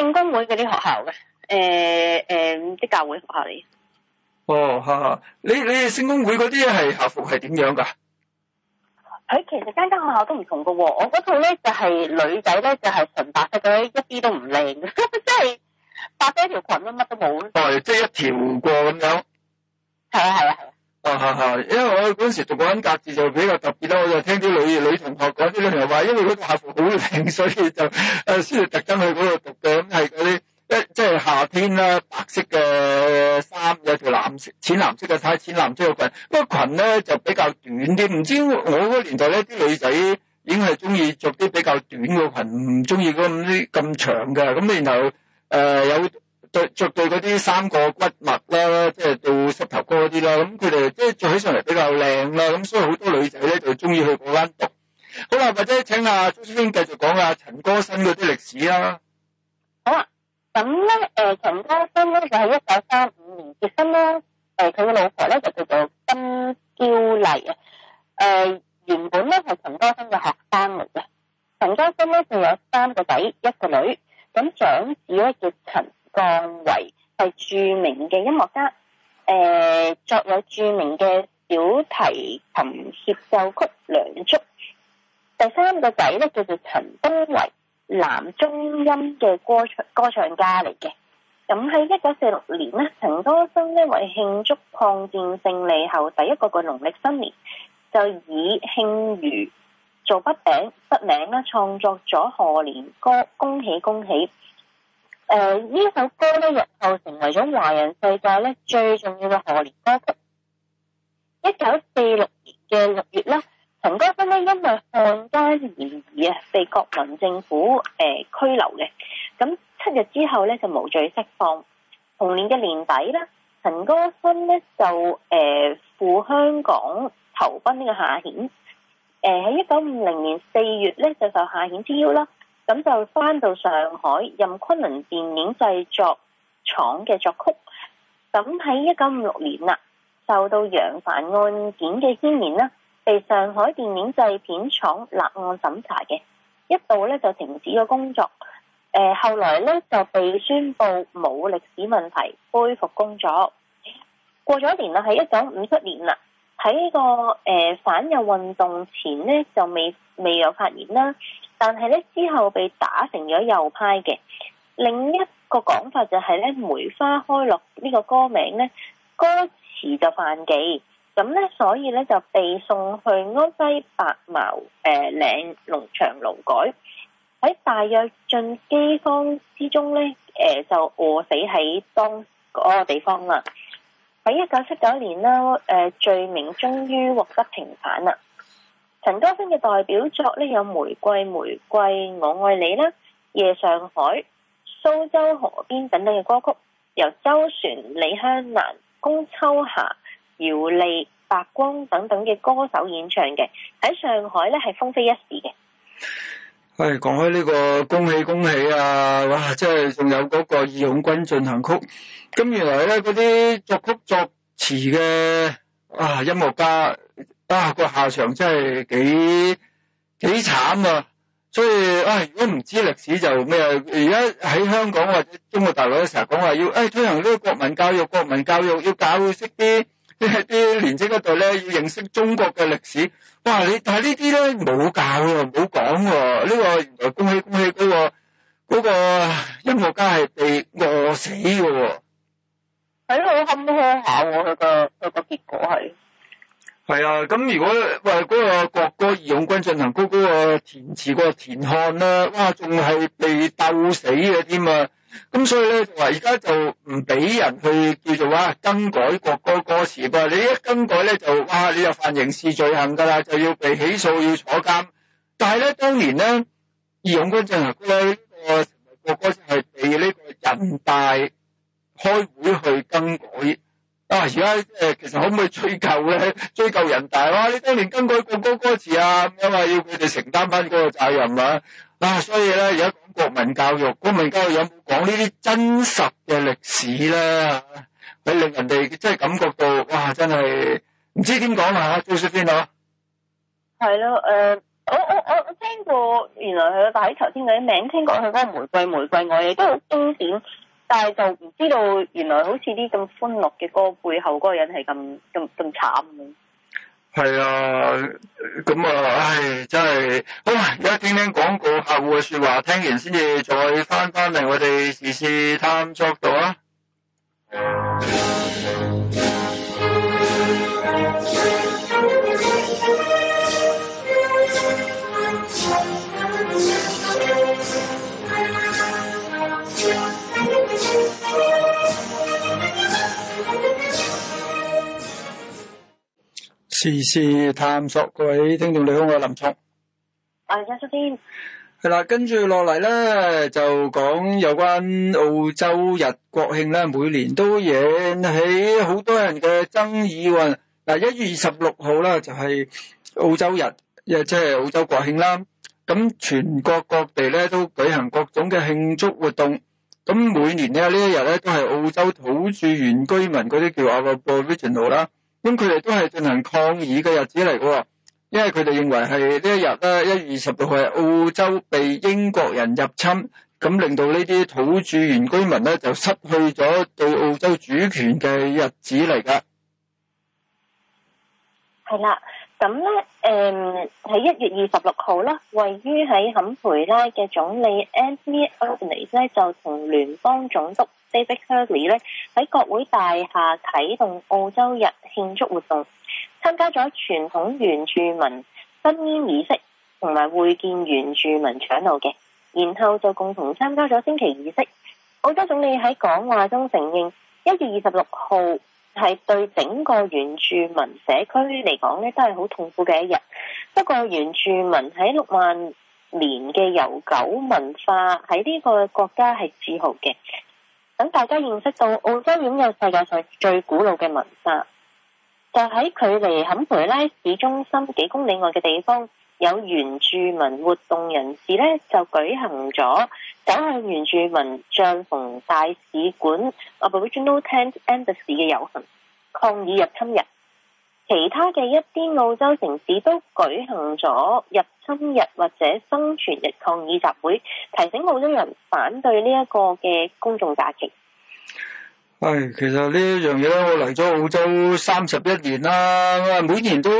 聖公會嗰啲學校嘅。誒誒，即教會學校嚟。哦，吓吓，你你聖公會嗰啲係校服係點樣噶？喺其實間間學校都唔同噶喎，我嗰套咧就係女仔咧就係純白色嘅，一啲都唔靚，即係白咗條裙咯，乜都冇。哦，即係一條過咁樣。係啊係啊係。啊啊啊！因為我嗰時讀緊格字就比較特別咯，我就聽啲女女同學講啲人話，因為嗰個校服好靚，所以就誒先特登去嗰度讀嘅，咁係嗰啲。即即係夏天啦，白色嘅衫，有條藍色、淺藍色嘅，衫，淺藍色嘅裙。不過裙咧就比較短啲，唔知我嗰年代咧啲女仔已經係中意着啲比較短嘅裙，唔中意咁啲咁長嘅。咁然後誒、呃、有着着對嗰啲三個骨襪啦，即係到膝頭哥嗰啲啦。咁佢哋即係着起上嚟比較靚啦。咁所以好多女仔咧就中意去嗰間度。好啦，或者請阿、啊、朱先生繼續講下陳歌辛嗰啲歷史啦。好啊。啊咁咧，誒，陳、呃、歌辛咧就係一九三五年結婚啦。誒、呃，佢嘅老婆咧就叫做金嬌麗啊。誒、呃，原本咧係陳歌辛嘅學生嚟嘅。陳歌辛咧仲有三個仔一個女。咁長子咧叫陳鋼維，係著名嘅音樂家。誒、呃，作有著名嘅小提琴協奏曲梁祝。第三個仔咧叫做陳東維。男中音嘅歌唱歌唱家嚟嘅，咁喺一九四六年咧，陳歌辛咧為慶祝抗戰勝利後第一個嘅農曆新年，就以慶餘做筆名，筆名咧創作咗賀年歌《恭喜恭喜》。誒，呢首歌咧日後成為咗華人世界咧最重要嘅賀年歌曲。一九四六年嘅六月咧。陳歌辛呢，因為抗爭嫌疑啊，被國民政府誒、呃、拘留嘅，咁七日之後咧就無罪釋放。同年嘅年底啦，陳歌辛咧就誒、呃、赴香港投奔遣、呃、呢個夏衍。誒喺一九五零年四月咧就受夏衍之邀啦，咁就翻到上海任昆侖電影製作廠嘅作曲。咁喺一九五六年啦，受到楊帆案件嘅牽連啦。被上海電影製片廠立案審查嘅，一度咧就停止咗工作。誒、呃，後來咧就被宣布冇歷史問題，恢復工作。過咗一年啦，係一九五七年啦，喺、呢個誒、呃、反右運動前咧就未未有發言啦，但係咧之後被打成咗右派嘅。另一個講法就係咧，《梅花開落》呢個歌名咧，歌詞就犯忌。咁咧，所以咧就被送去安徽白茅誒嶺農場勞改。喺大躍進饑荒之中咧，誒、呃、就餓死喺當嗰個地方啦。喺一九七九年啦，誒、呃、罪名終於獲得平反啦。陳歌辛嘅代表作咧有《玫瑰玫瑰我愛你》啦，《夜上海》、《蘇州河邊》等等嘅歌曲，由周璇、李香蘭、龔秋霞。姚莉、白光等等嘅歌手演唱嘅喺上海咧係風靡一時嘅。係講開呢個恭喜恭喜啊！哇，即係仲有嗰個義勇軍進行曲。咁原來咧嗰啲作曲作詞嘅啊音樂家啊個下場真係幾幾慘啊！所以啊，如果唔知歷史就咩？而家喺香港或者中國大陸成日講話要誒、哎、推行呢個國民教育，國民教育要教識啲。即係啲年青一代咧，要認識中國嘅歷史。哇！你但係呢啲咧冇教喎，冇講喎。呢個原來恭喜恭喜嗰個嗰個音樂家係被餓死嘅喎。係好坎坷下喎，佢個佢個結果係。係啊，咁如果為嗰個國歌義勇軍進行曲嗰個填詞嗰個田漢啦，哇！仲係被鬥死嘅添啊！咁所以咧就話而家就唔俾人去叫做啊更改國歌歌詞噃，你一更改咧就哇，你又犯刑事罪行噶啦，就要被起訴要坐監。但係咧當年咧，義勇軍進行曲呢個成為國歌係被呢個人大開會去更改。啊！而家即其實可唔可以追究咧？追究人大哇，啊啊！你當年更改過國歌歌詞啊，因為要佢哋承擔翻嗰個責任啊！啊，所以咧而家講國民教育，國民教育有冇講呢啲真實嘅歷史咧，啊？去，啊，令人哋真係感覺到哇！真係唔知點講啊！朱小姐，係咯？誒，呃，我我我我聽過，原來佢，但喺頭先嗰啲名聽過佢嗰個玫《玫瑰玫瑰我亦都好經典。但係就唔知道，原來好似啲咁歡樂嘅歌，背後嗰個人係咁咁咁慘嘅。係啊，咁 啊樂，唉，真係好啊！而家聽聽廣告客戶嘅說話，聽完先至再翻返嚟我哋時事探索到啊！ 時事探索，各位聽眾你好，我係林聰。係啊，出先係啦，跟住落嚟咧就講有關澳洲日國慶咧，每年都引起好多人嘅爭議喎。嗱，一月二十六號啦，就係澳洲日，即係澳洲國慶啦。咁全國各地咧都舉行各種嘅慶祝活動。咁每年咧呢一日咧都係澳洲土著原居民嗰啲叫 Aboriginal 啦，咁佢哋都係進行抗議嘅日子嚟嘅，因為佢哋認為係呢一日咧，一月二十六號係澳洲被英國人入侵，咁令到呢啲土著原居民咧就失去咗對澳洲主權嘅日子嚟噶。係啦。咁咧，誒喺一月二十六號啦，位於喺堪培拉嘅總理 Anthony Albanese 咧就同聯邦總督 David Hurley 咧喺國會大廈啟動澳洲日慶祝活動，參加咗傳統原住民婚煙儀式同埋會見原住民長老嘅，然後就共同參加咗升旗儀式。澳洲總理喺講話中承認一月二十六號。係對整個原住民社區嚟講咧，都係好痛苦嘅一日。不過原住民喺六萬年嘅悠久文化喺呢個國家係自豪嘅。等大家認識到澳洲擁有世界上最古老嘅文化，就喺距離坎培拉市中心幾公里外嘅地方。有原住民活動人士咧，就舉行咗走向原住民帳篷大使館、Original Tent Embassy 嘅遊行抗議入侵日。其他嘅一啲澳洲城市都舉行咗入侵日或者生存日抗議集會，提醒澳洲人反對呢一個嘅公眾假期。係，其實呢一樣嘢咧，我嚟咗澳洲三十一年啦，每年都。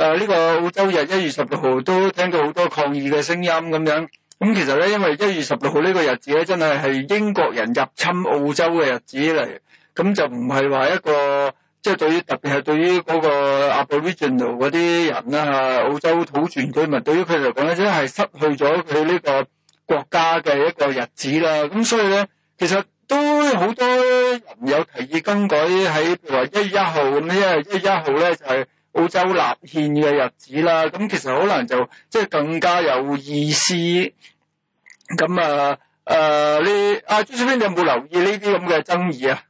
誒呢、啊這個澳洲日一月十六號都聽到好多抗議嘅聲音咁樣，咁其實咧，因為一月十六號呢個日子咧，真係係英國人入侵澳洲嘅日子嚟，咁就唔係話一個即係、就是、對於特別係對於嗰個 Aboriginal 嗰啲人啦嚇、啊，澳洲土著居民對於佢嚟講咧，真、就、係、是、失去咗佢呢個國家嘅一個日子啦。咁所以咧，其實都好多人有提議更改喺譬如話一月一號咁咧，一月一號咧就係、是。澳洲立憲嘅日子啦，咁其實可能就即係更加有意思。咁啊，誒、啊、呢，阿朱小兵你有冇留意呢啲咁嘅爭議啊？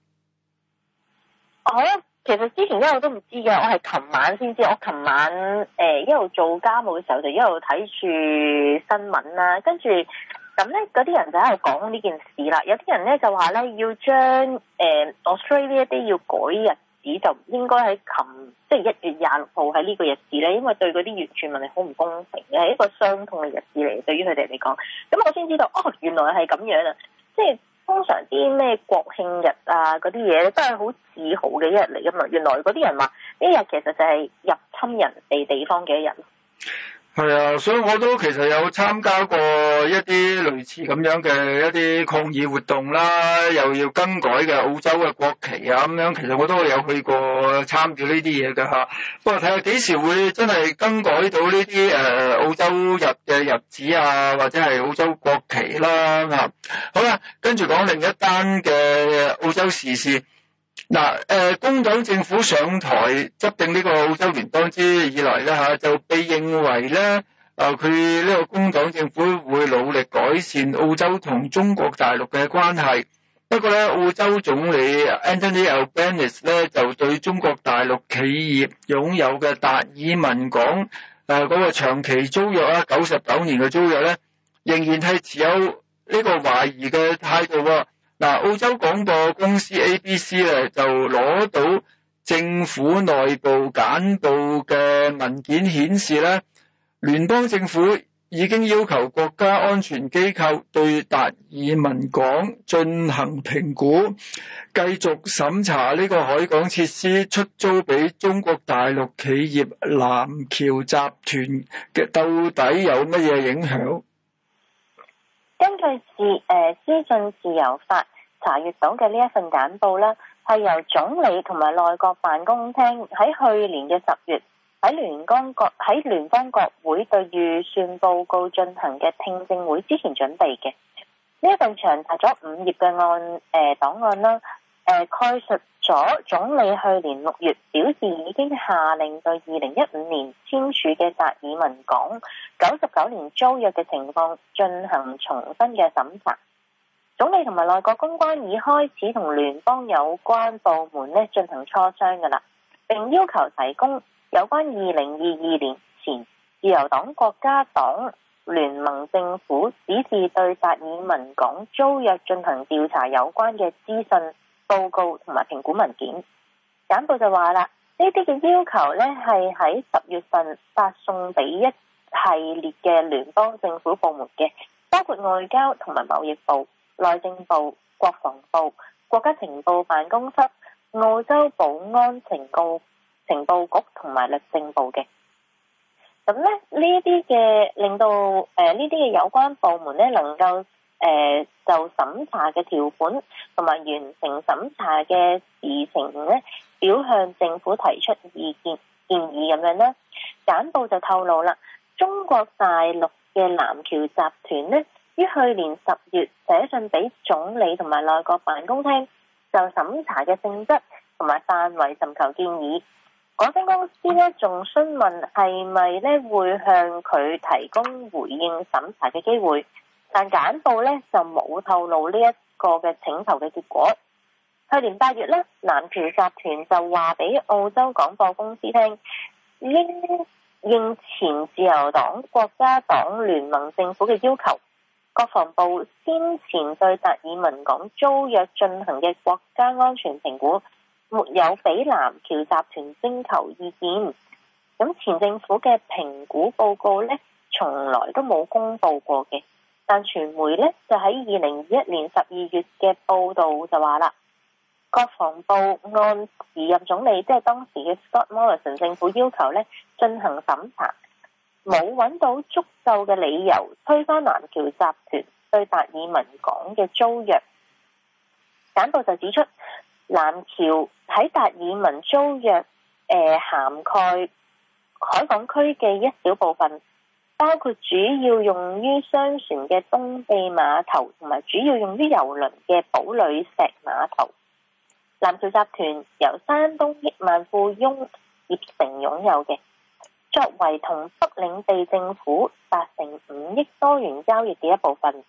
我其實之前咧我都唔知嘅，我係琴晚先知。我琴晚誒、呃、一路做家務嘅時候就一路睇住新聞啦，跟住咁咧嗰啲人就喺度講呢件事啦。有啲人咧就話咧要將誒、呃、Australia Day 一啲要改日。就唔應該喺琴，即係一月廿六號喺呢個日子咧，因為對嗰啲原住民係好唔公平嘅，係一個傷痛嘅日子嚟，對於佢哋嚟講。咁我先知道，哦，原來係咁樣啊！即係通常啲咩國慶日啊嗰啲嘢都係好自豪嘅一日嚟噶嘛。原來嗰啲人話，呢日其實就係入侵人哋地方嘅一日。係啊，所以我都其實有參加過一啲類似咁樣嘅一啲抗議活動啦，又要更改嘅澳洲嘅國旗啊咁樣，其實我都有去過參與呢啲嘢㗎吓。不過睇下幾時會真係更改到呢啲誒澳洲日嘅日子啊，或者係澳洲國旗啦吓、啊。好啦、啊，跟住講另一單嘅澳洲時事。嗱，誒、呃、工黨政府上台執政呢個澳洲聯邦之以來咧吓，就被認為咧，啊佢呢個工黨政府會努力改善澳洲同中國大陸嘅關係。不過咧，澳洲總理 Anthony Albanese 咧就對中國大陸企業擁有嘅達爾文港誒、嗰、啊那個長期租約啦，九十九年嘅租約咧，仍然係持有呢個懷疑嘅態度喎。嗱，澳洲廣播公司 ABC 咧就攞到政府內部簡報嘅文件顯示咧，聯邦政府已經要求國家安全機構對達爾文港進行評估，繼續審查呢個海港設施出租俾中國大陸企業嵐橋集團嘅到底有乜嘢影響。根據自誒資訊自由法查閲到嘅呢一份簡報啦，係由總理同埋內閣辦公廳喺去年嘅十月喺聯邦國喺聯邦國會對預算報告進行嘅聽證會之前準備嘅，呢一份長達咗五頁嘅案誒、呃、檔案啦。誒、呃，概述咗總理去年六月表示已經下令對二零一五年簽署嘅達爾文港九十九年租約嘅情況進行重新嘅審查。總理同埋內閣公關已開始同聯邦有關部門咧進行磋商噶啦，並要求提供有關二零二二年前自由黨國家黨聯盟政府指示對達爾文港租約進行調查有關嘅資訊。報告同埋評估文件，簡報就話啦，呢啲嘅要求咧係喺十月份發送俾一系列嘅聯邦政府部門嘅，包括外交同埋貿易部、內政部、國防部、國家情報辦公室、澳洲保安情報情報局同埋律政部嘅。咁咧呢啲嘅令到誒呢啲嘅有關部門咧能夠。誒、嗯，就審查嘅條款同埋完成審查嘅事情呢，表向政府提出意見建議咁樣呢，簡報就透露啦，中國大陸嘅嵐橋集團呢，於去年十月寫信俾總理同埋內閣辦公廳，就審查嘅性質同埋範圍尋求建議。嗰間公司呢，仲詢問係咪呢會向佢提供回應審查嘅機會。但簡報咧就冇透露呢一個嘅請求嘅結果。去年八月咧，南橋集團就話俾澳洲廣播公司聽，應應前自由黨國家黨聯盟政府嘅要求，國防部先前對達爾文港租約進行嘅國家安全評估，沒有俾南橋集團徵求意見。咁前政府嘅評估報告咧，從來都冇公佈過嘅。但傳媒咧就喺二零二一年十二月嘅報導就話啦，國防部按時任總理即係、就是、當時嘅 Scott Morrison 政府要求咧進行審查，冇揾到足夠嘅理由推翻南橋集團對達爾文港嘅租約。簡報就指出，南橋喺達爾文租約誒、呃、涵蓋海港區嘅一小部分。包括主要用於商船嘅東庇碼頭，同埋主要用於遊輪嘅堡壘石碼頭。南橋集團由山東億萬富翁葉城擁有嘅，作為同北領地政府達成五億多元交易嘅一部分。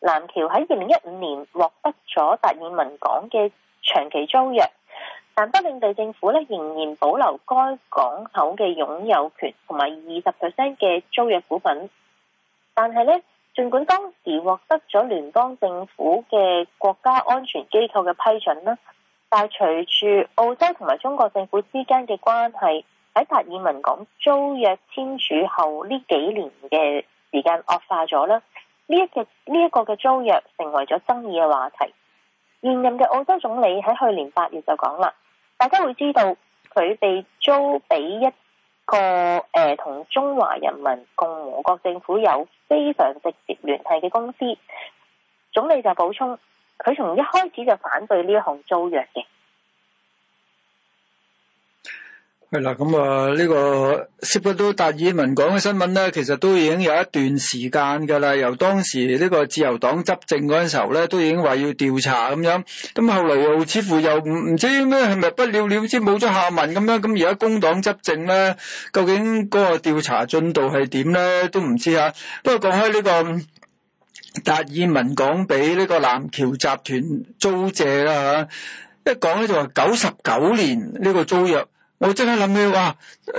南橋喺二零一五年獲得咗達爾文港嘅長期租約。北領地政府咧仍然保留該港口嘅擁有權同埋二十 percent 嘅租約股份，但係咧，儘管當時獲得咗聯邦政府嘅國家安全機構嘅批准啦，但係隨住澳洲同埋中國政府之間嘅關係喺達爾文港租約簽署後呢幾年嘅時間惡化咗啦，呢一個呢一個嘅租約成為咗爭議嘅話題。現任嘅澳洲總理喺去年八月就講啦，大家會知道佢被租俾一個誒、呃、同中華人民共和國政府有非常直接聯繫嘅公司。總理就補充，佢從一開始就反對呢項租約嘅。係啦，咁啊、嗯，呢、嗯這個涉及到達爾文港嘅新聞咧，其實都已經有一段時間噶啦。由當時呢個自由黨執政嗰陣時候咧，都已經話要調查咁樣，咁、嗯、後來又似乎又唔唔知咩係咪不了了之，冇咗下文咁樣。咁而家工黨執政咧，究竟嗰個調查進度係點咧，都唔知吓、啊。不過講開呢個達爾文港俾呢個南橋集團租借啦吓、啊，一講咧就話九十九年呢、這個租約。我即刻諗起，話，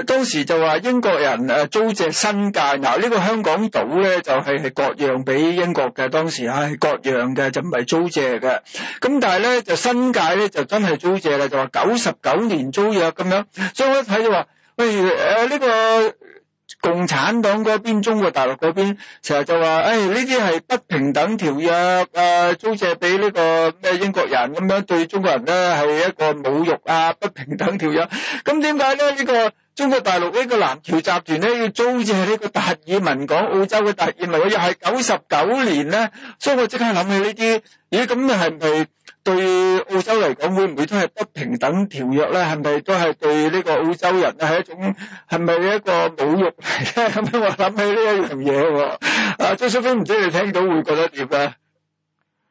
當時就話英國人誒租借新界，嗱呢個香港島咧就係係割讓俾英國嘅，當時係割讓嘅，就唔係租借嘅。咁但係咧就新界咧就真係租借啦，就話九十九年租約咁樣。所以我一睇就話，喂誒呢個。共產黨嗰邊，中國大陸嗰邊成日就話，誒呢啲係不平等條約，誒、啊、租借俾呢個咩英國人咁樣，對中國人咧係一個侮辱啊，不平等條約。咁點解咧？呢、這個中國大陸呢、這個南僑集團咧要租借呢個達爾文港、澳洲嘅達爾文港又係九十九年咧？所以我即刻諗起呢啲，咦咁係咪？對澳洲嚟講，會唔會都係不平等條約咧？係咪都係對呢個澳洲人係一種係咪一個侮辱嚟咁咧？ 我諗起呢一樣嘢喎。阿張淑芬，唔知你聽到會覺得點咧？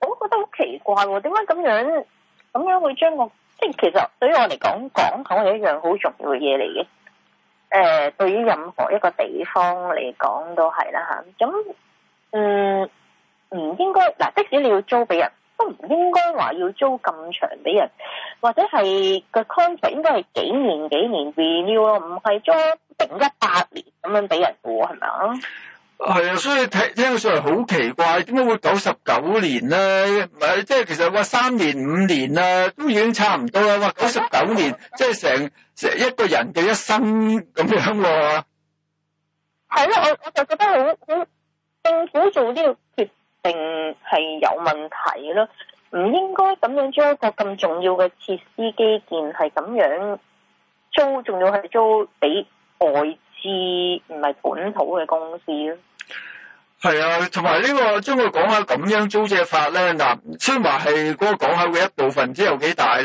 我都覺得好奇怪喎。哦，點解咁樣咁樣會將個即係其實對於我嚟講，港口係一樣好重要嘅嘢嚟嘅。誒、呃，對於任何一個地方嚟講都係啦吓。咁，嗯，唔應該嗱，即使你要租俾人。都唔應該話要租咁長俾人，或者係個 contract 應該係幾年幾年 annual 咯，唔係租定一百年咁樣俾人噶喎，係咪啊？係啊，所以聽聽起上嚟好奇怪，點解會九十九年咧？唔係即係其實話三年五年啦，都已經差唔多啦。話九十九年，即係成成一個人嘅一生咁樣喎。係咯，我我就覺得好好政府做啲。定係有問題咯，唔應該咁樣將一個咁重要嘅設施基建係咁樣租，仲要係租俾外資，唔係本土嘅公司咯。係啊，同埋呢個將佢講下咁樣租借法咧，嗱雖然話係嗰個港口嘅一部分，啊，即係有幾大啦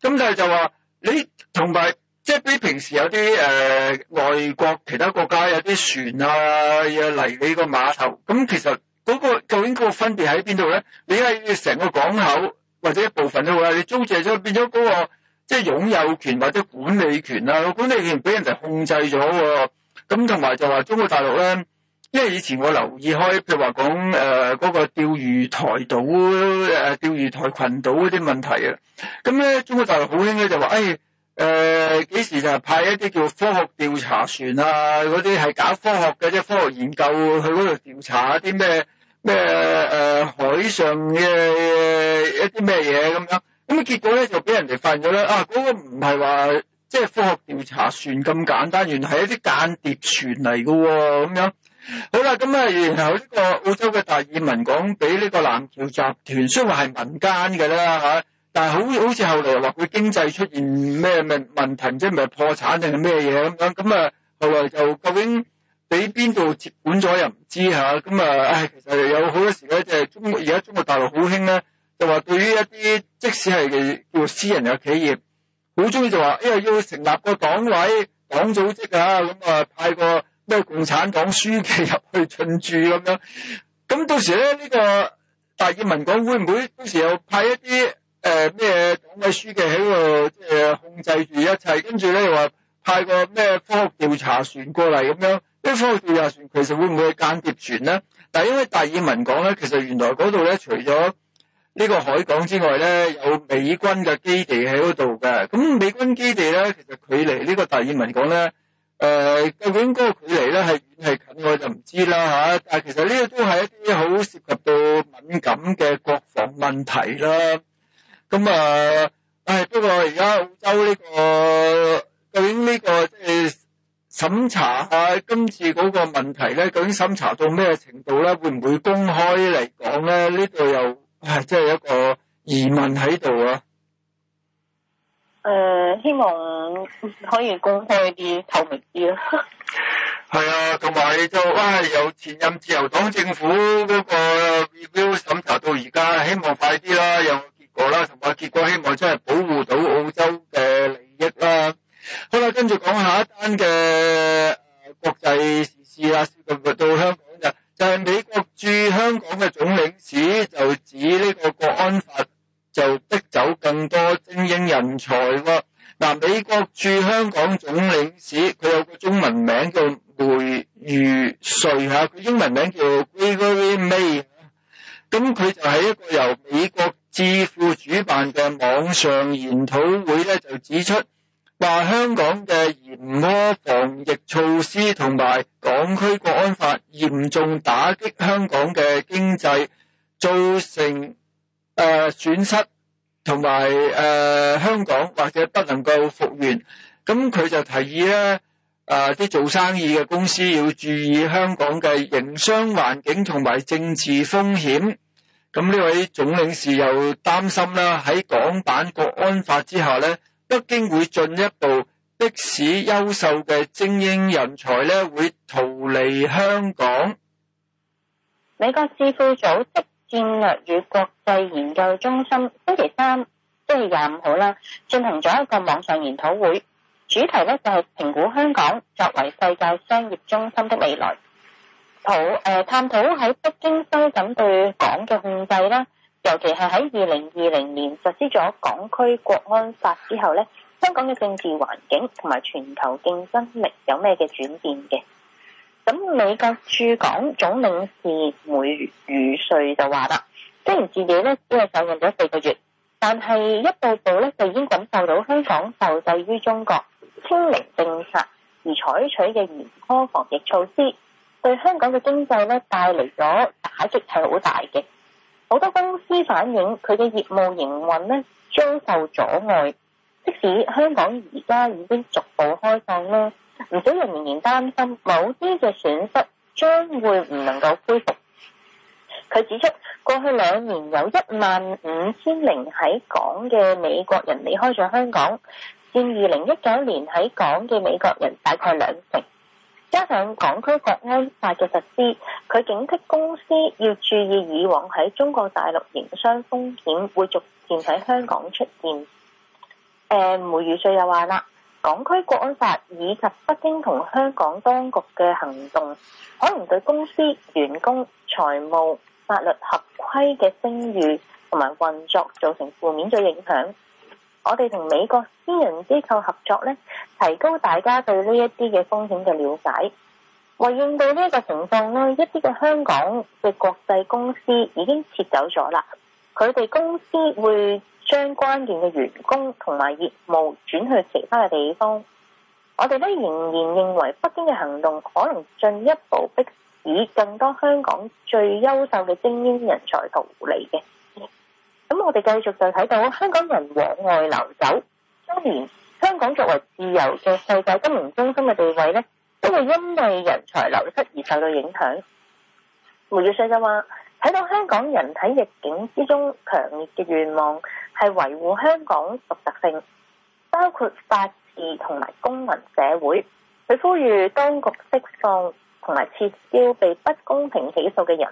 吓。咁但係就話你同埋，即係比平時有啲誒、呃、外國其他國家有啲船啊，嚟你個碼頭，咁、啊、其實。嗰、那個、究竟嗰個分別喺邊度咧？你係成個港口或者一部分都好，你租借咗，變咗嗰、那個即係、就是、擁有權或者管理權啦、啊。管理權俾人哋控制咗喎、啊。咁同埋就話中國大陸咧，因為以前我留意開，譬如話講誒嗰個釣魚台島誒釣魚台群島嗰啲問題啊。咁咧，中國大陸好興咧就話誒誒幾時就派一啲叫科學調查船啊，嗰啲係搞科學嘅即係科學研究，去嗰度調查一啲咩？咩誒、呃，海上嘅一啲咩嘢咁樣，咁啊結果咧就俾人哋發現咗啦，啊嗰、那個唔係話即係科學調查船咁簡單，原來係一啲間諜船嚟噶、哦，咁樣。好啦，咁啊，然後呢個澳洲嘅達爾文港俾呢個南橋集團，雖然話係民間嘅啦吓，但係好好似後嚟又話佢經濟出現咩問問題，即係咪破產定係咩嘢咁樣？咁啊，後來就究竟？俾邊度接管咗又唔知嚇，咁啊，唉、嗯哎，其實有好多時咧，即係中而家中國大陸好興咧，就話對於一啲即使係叫做私人嘅企業，好中意就話，因、哎、為要成立個黨委黨組織啊，咁、嗯、啊派個咩共產黨書記入去進駐咁樣，咁、嗯、到時咧呢、這個達爾文港會唔會到時又派一啲誒咩黨委書記喺度即係控制住一切，跟住咧又話派個咩科學調查船過嚟咁樣。呢艘調查船其實會唔會係間諜船咧？但係因為達爾文港咧，其實原來嗰度咧，除咗呢個海港之外咧，有美軍嘅基地喺嗰度嘅。咁美軍基地咧，其實距離呢個達爾文港咧，誒、呃，究竟嗰個距離咧係遠係近，我就唔知啦嚇、啊。但係其實呢個都係一啲好涉及到敏感嘅國防問題啦。咁啊，係不過而家澳洲呢、呢個究竟呢個即係？審查啊！今次嗰個問題咧，究竟審查到咩程度咧？會唔會公開嚟講咧？呢度又係即係一個疑問喺度啊！誒、呃，希望可以公開啲、透明啲啦。係 啊，同埋就啊、哎，由前任自由黨政府嗰個 review 審查到而家，希望快啲啦，有結果啦，同埋結果希望真係保護到澳洲嘅利益啦。好啦，跟住講下一單嘅國際時事啦，到香港就就係美國駐香港嘅總領事就指呢個國安法就逼走更多精英人才喎。嗱，美國駐香港總領事佢有個中文名叫梅如瑞吓，佢英文名叫 Gregory May。咁佢就喺一個由美國智庫主辦嘅網上研討會咧，就指出。話，香港嘅嚴苛防疫措施同埋港區國安法嚴重打擊香港嘅經濟，造成，呃，損失，同埋，呃，香港，或者不能夠復原。咁，佢就提議呢，呃，啲做生意嘅公司要注意香港嘅營商環境同埋政治風險。咁，呢位總領事又擔心啦，喺港版國安法之下呢，北京會進一步迫使優秀嘅精英人才咧，會逃離香港。美國智庫組織戰略與國際研究中心星期三，即係廿五號啦，進行咗一個網上研討會，主題咧就係評估香港作為世界商業中心的未來。好，誒，探討喺北京收緊對港嘅控制咧。尤其係喺二零二零年實施咗港區國安法之後咧，香港嘅政治環境同埋全球競爭力有咩嘅轉變嘅？咁美國駐港總領事梅儒瑞就話啦，雖然自己咧只係上任咗四個月，但係一步步咧就已經感受到香港受制於中國清零政策而採取嘅嚴苛防疫措施，對香港嘅經濟咧帶嚟咗打擊係好大嘅。好多公司反映佢嘅業務營運咧遭受阻礙，即使香港而家已經逐步開放咧，唔少人仍然擔心某啲嘅損失將會唔能夠恢復。佢指出，過去兩年有一萬五千名喺港嘅美國人離開咗香港，佔二零一九年喺港嘅美國人大概兩成。加上港區國安法嘅實施，佢警惕公司要注意以往喺中國大陸營商風險會逐漸喺香港出現。誒、嗯、梅儒瑞又話啦，港區國安法以及北京同香港當局嘅行動，可能對公司員工、財務、法律合規嘅聲譽同埋運作造成負面嘅影響。我哋同美國私人機構合作咧，提高大家對呢一啲嘅風險嘅了解。為應對呢一個情況咧，一啲嘅香港嘅國際公司已經撤走咗啦。佢哋公司會將關鍵嘅員工同埋業務轉去其他嘅地方。我哋咧仍然認為北京嘅行動可能進一步迫使更多香港最優秀嘅精英人才逃離嘅。咁我哋繼續就睇到香港人往外流走，當年香港作為自由嘅世界金融中心嘅地位呢都會因為人才流失而受到影響。梅儒瑞就話：睇到香港人喺逆境之中強烈嘅願望，係維護香港獨特性，包括法治同埋公民社會。佢呼籲當局釋放同埋撤銷被不公平起訴嘅人。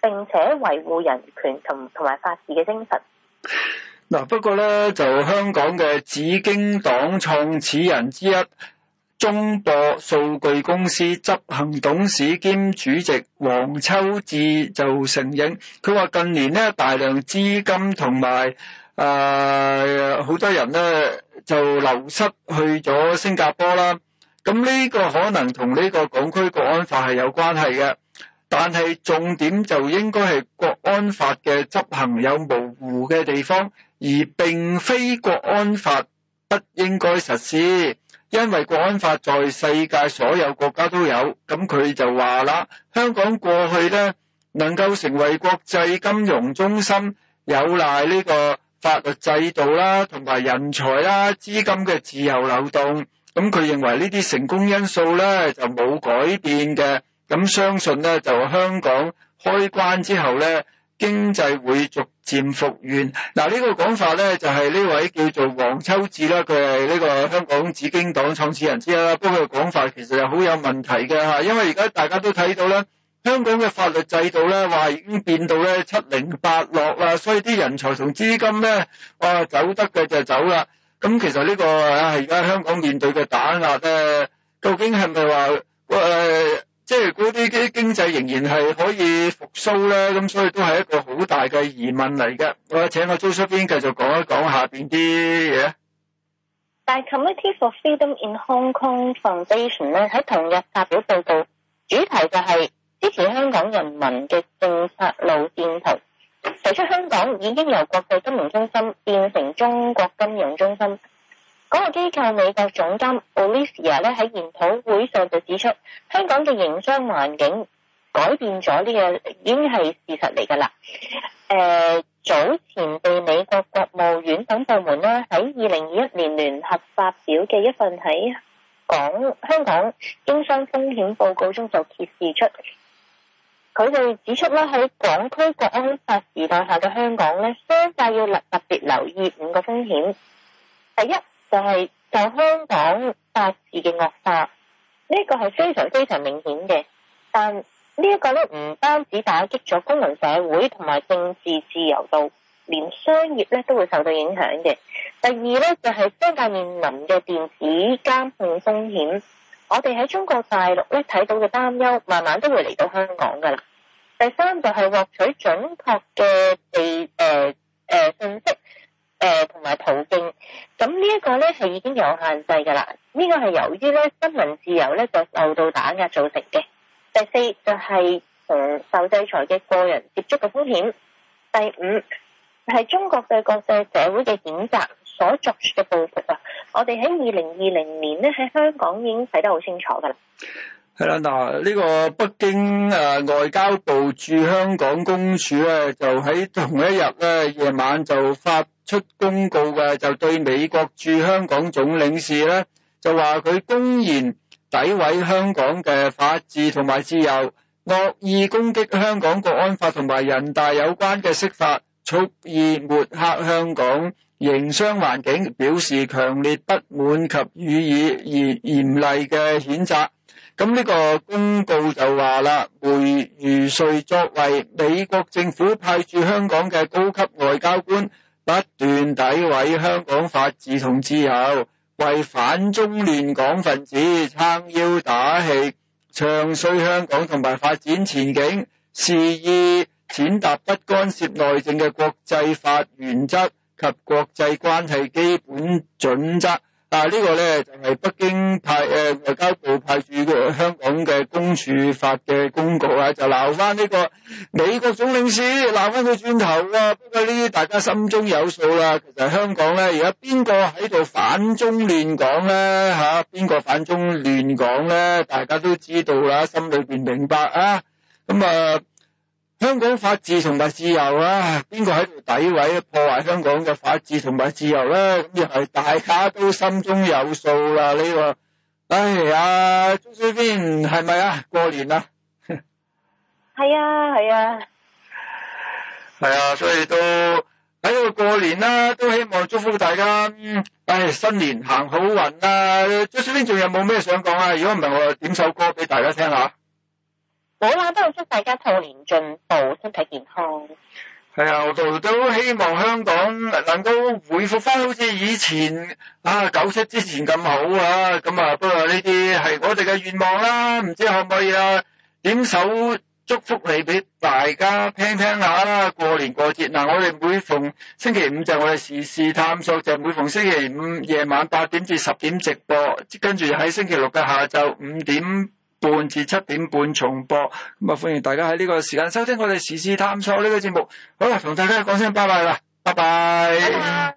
並且維護人權同同埋法治嘅精神。嗱、啊，不過咧，就香港嘅紫荊黨創始人之一中博數據公司執行董事兼主席黃秋智就承認，佢話近年咧大量資金同埋誒好多人咧就流失去咗新加坡啦。咁呢個可能同呢個港區國安法係有關係嘅。但係重點就應該係國安法嘅執行有模糊嘅地方，而並非國安法不應該實施，因為國安法在世界所有國家都有。咁佢就話啦，香港過去咧能夠成為國際金融中心，有賴呢個法律制度啦，同埋人才啦、資金嘅自由流動。咁佢認為呢啲成功因素咧就冇改變嘅。咁相信咧，就香港開關之後咧，經濟會逐漸復原。嗱、啊，這個、呢個講法咧就係、是、呢位叫做黃秋智啦，佢係呢個香港紫荊黨創始人之一啦。不過佢嘅講法其實係好有問題嘅嚇，因為而家大家都睇到咧，香港嘅法律制度咧話已經變到咧七零八落啦，所以啲人才同資金咧啊走得嘅就走啦。咁其實呢個係而家香港面對嘅打壓咧，究竟係咪話誒？喂即係如果啲經濟仍然係可以復甦咧，咁所以都係一個好大嘅疑問嚟嘅。我請我周叔邊繼續講一講一下邊啲嘢。但係 Committee for Freedom in Hong Kong Foundation 咧喺同日發表報告，主題就係支持香港人民嘅政策路線圖，提出香港已經由國際金融中心變成中國金融中心。嗰個機構美國總監 Olivia 咧喺研討會上就指出，香港嘅營商環境改變咗，呢個已經係事實嚟噶啦。誒早前被美國國務院等部門咧喺二零二一年聯合發表嘅一份喺港香港經商風險報告中就揭示出，佢哋指出咧喺港區國安法時代下嘅香港咧，商界要特特別留意五個風險。第一。就係就香港法治嘅惡化，呢、這、一個係非常非常明顯嘅。但呢一個咧唔單止打擊咗公民社會同埋政治自由度，連商業咧都會受到影響嘅。第二咧就係、是、商界面臨嘅電子監控風險，我哋喺中國大陸咧睇到嘅擔憂，慢慢都會嚟到香港噶啦。第三就係獲取準確嘅地誒誒、呃呃、信息誒同埋保密。呃呢個咧係已經有限制噶啦，呢、這個係由於咧新聞自由咧就受到打壓造成嘅。第四就係、是、誒、嗯、受制裁嘅個人接觸嘅風險。第五係中國對國際社會嘅譴責所作出嘅報復啊！我哋喺二零二零年咧喺香港已經睇得好清楚噶啦。係啦，嗱、這、呢個北京誒外交部駐香港公署咧就喺同一日咧夜晚就發。出公告嘅，就對美國駐香港總領事咧，就話佢公然詆毀香港嘅法治同埋自由，惡意攻擊香港國安法同埋人大有關嘅釋法，蓄意抹黑香港營商環境，表示強烈不滿及予以而嚴厲嘅譴責。咁呢個公告就話啦，梅儒瑞作為美國政府派駐香港嘅高級外交官。不斷詆毀香港法治同自由，為反中亂港分子撐腰打氣，唱衰香港同埋發展前景，肆意踐踏不干涉內政嘅國際法原則及國際關係基本準則。但係呢個咧就係、是、北京派誒外、呃、交部派駐香港嘅公署發嘅公告啊，就鬧返呢個美國總領事鬧返佢轉頭啊！不過呢啲大家心中有數啦。其實香港咧而家邊個喺度反中亂港咧？吓、啊，邊個反中亂港咧？大家都知道啦，心裏邊明白啊。咁、嗯、啊～香港法治同埋自由啊！邊個喺度詆毀、破壞香港嘅法治同埋自由咧？咁又係大家都心中有數啦。呢、這、話、個，哎呀，朱小編係咪啊？過年啦，係 啊，係啊，係啊！所以都喺度過年啦，都希望祝福大家。唉，新年行好運啊！朱小編仲有冇咩想講啊？如果唔係，我點首歌俾大家聽下。好啦，都祝大家兔年進步，身體健康。係啊，我都都希望香港能夠回復翻好似以前啊九七之前咁好啊。咁、嗯、啊，不過呢啲係我哋嘅願望啦，唔知可唔可以啊？點首祝福你俾大家聽聽下啦。過年過節嗱、啊，我哋每逢星期五就我哋時事探索就係，每逢星期五夜晚八點至十點直播，跟住喺星期六嘅下晝五點。半至七點半重播，咁啊歡迎大家喺呢個時間收聽我哋時事探索呢個節目。好啦，同大家講聲拜拜啦，拜拜。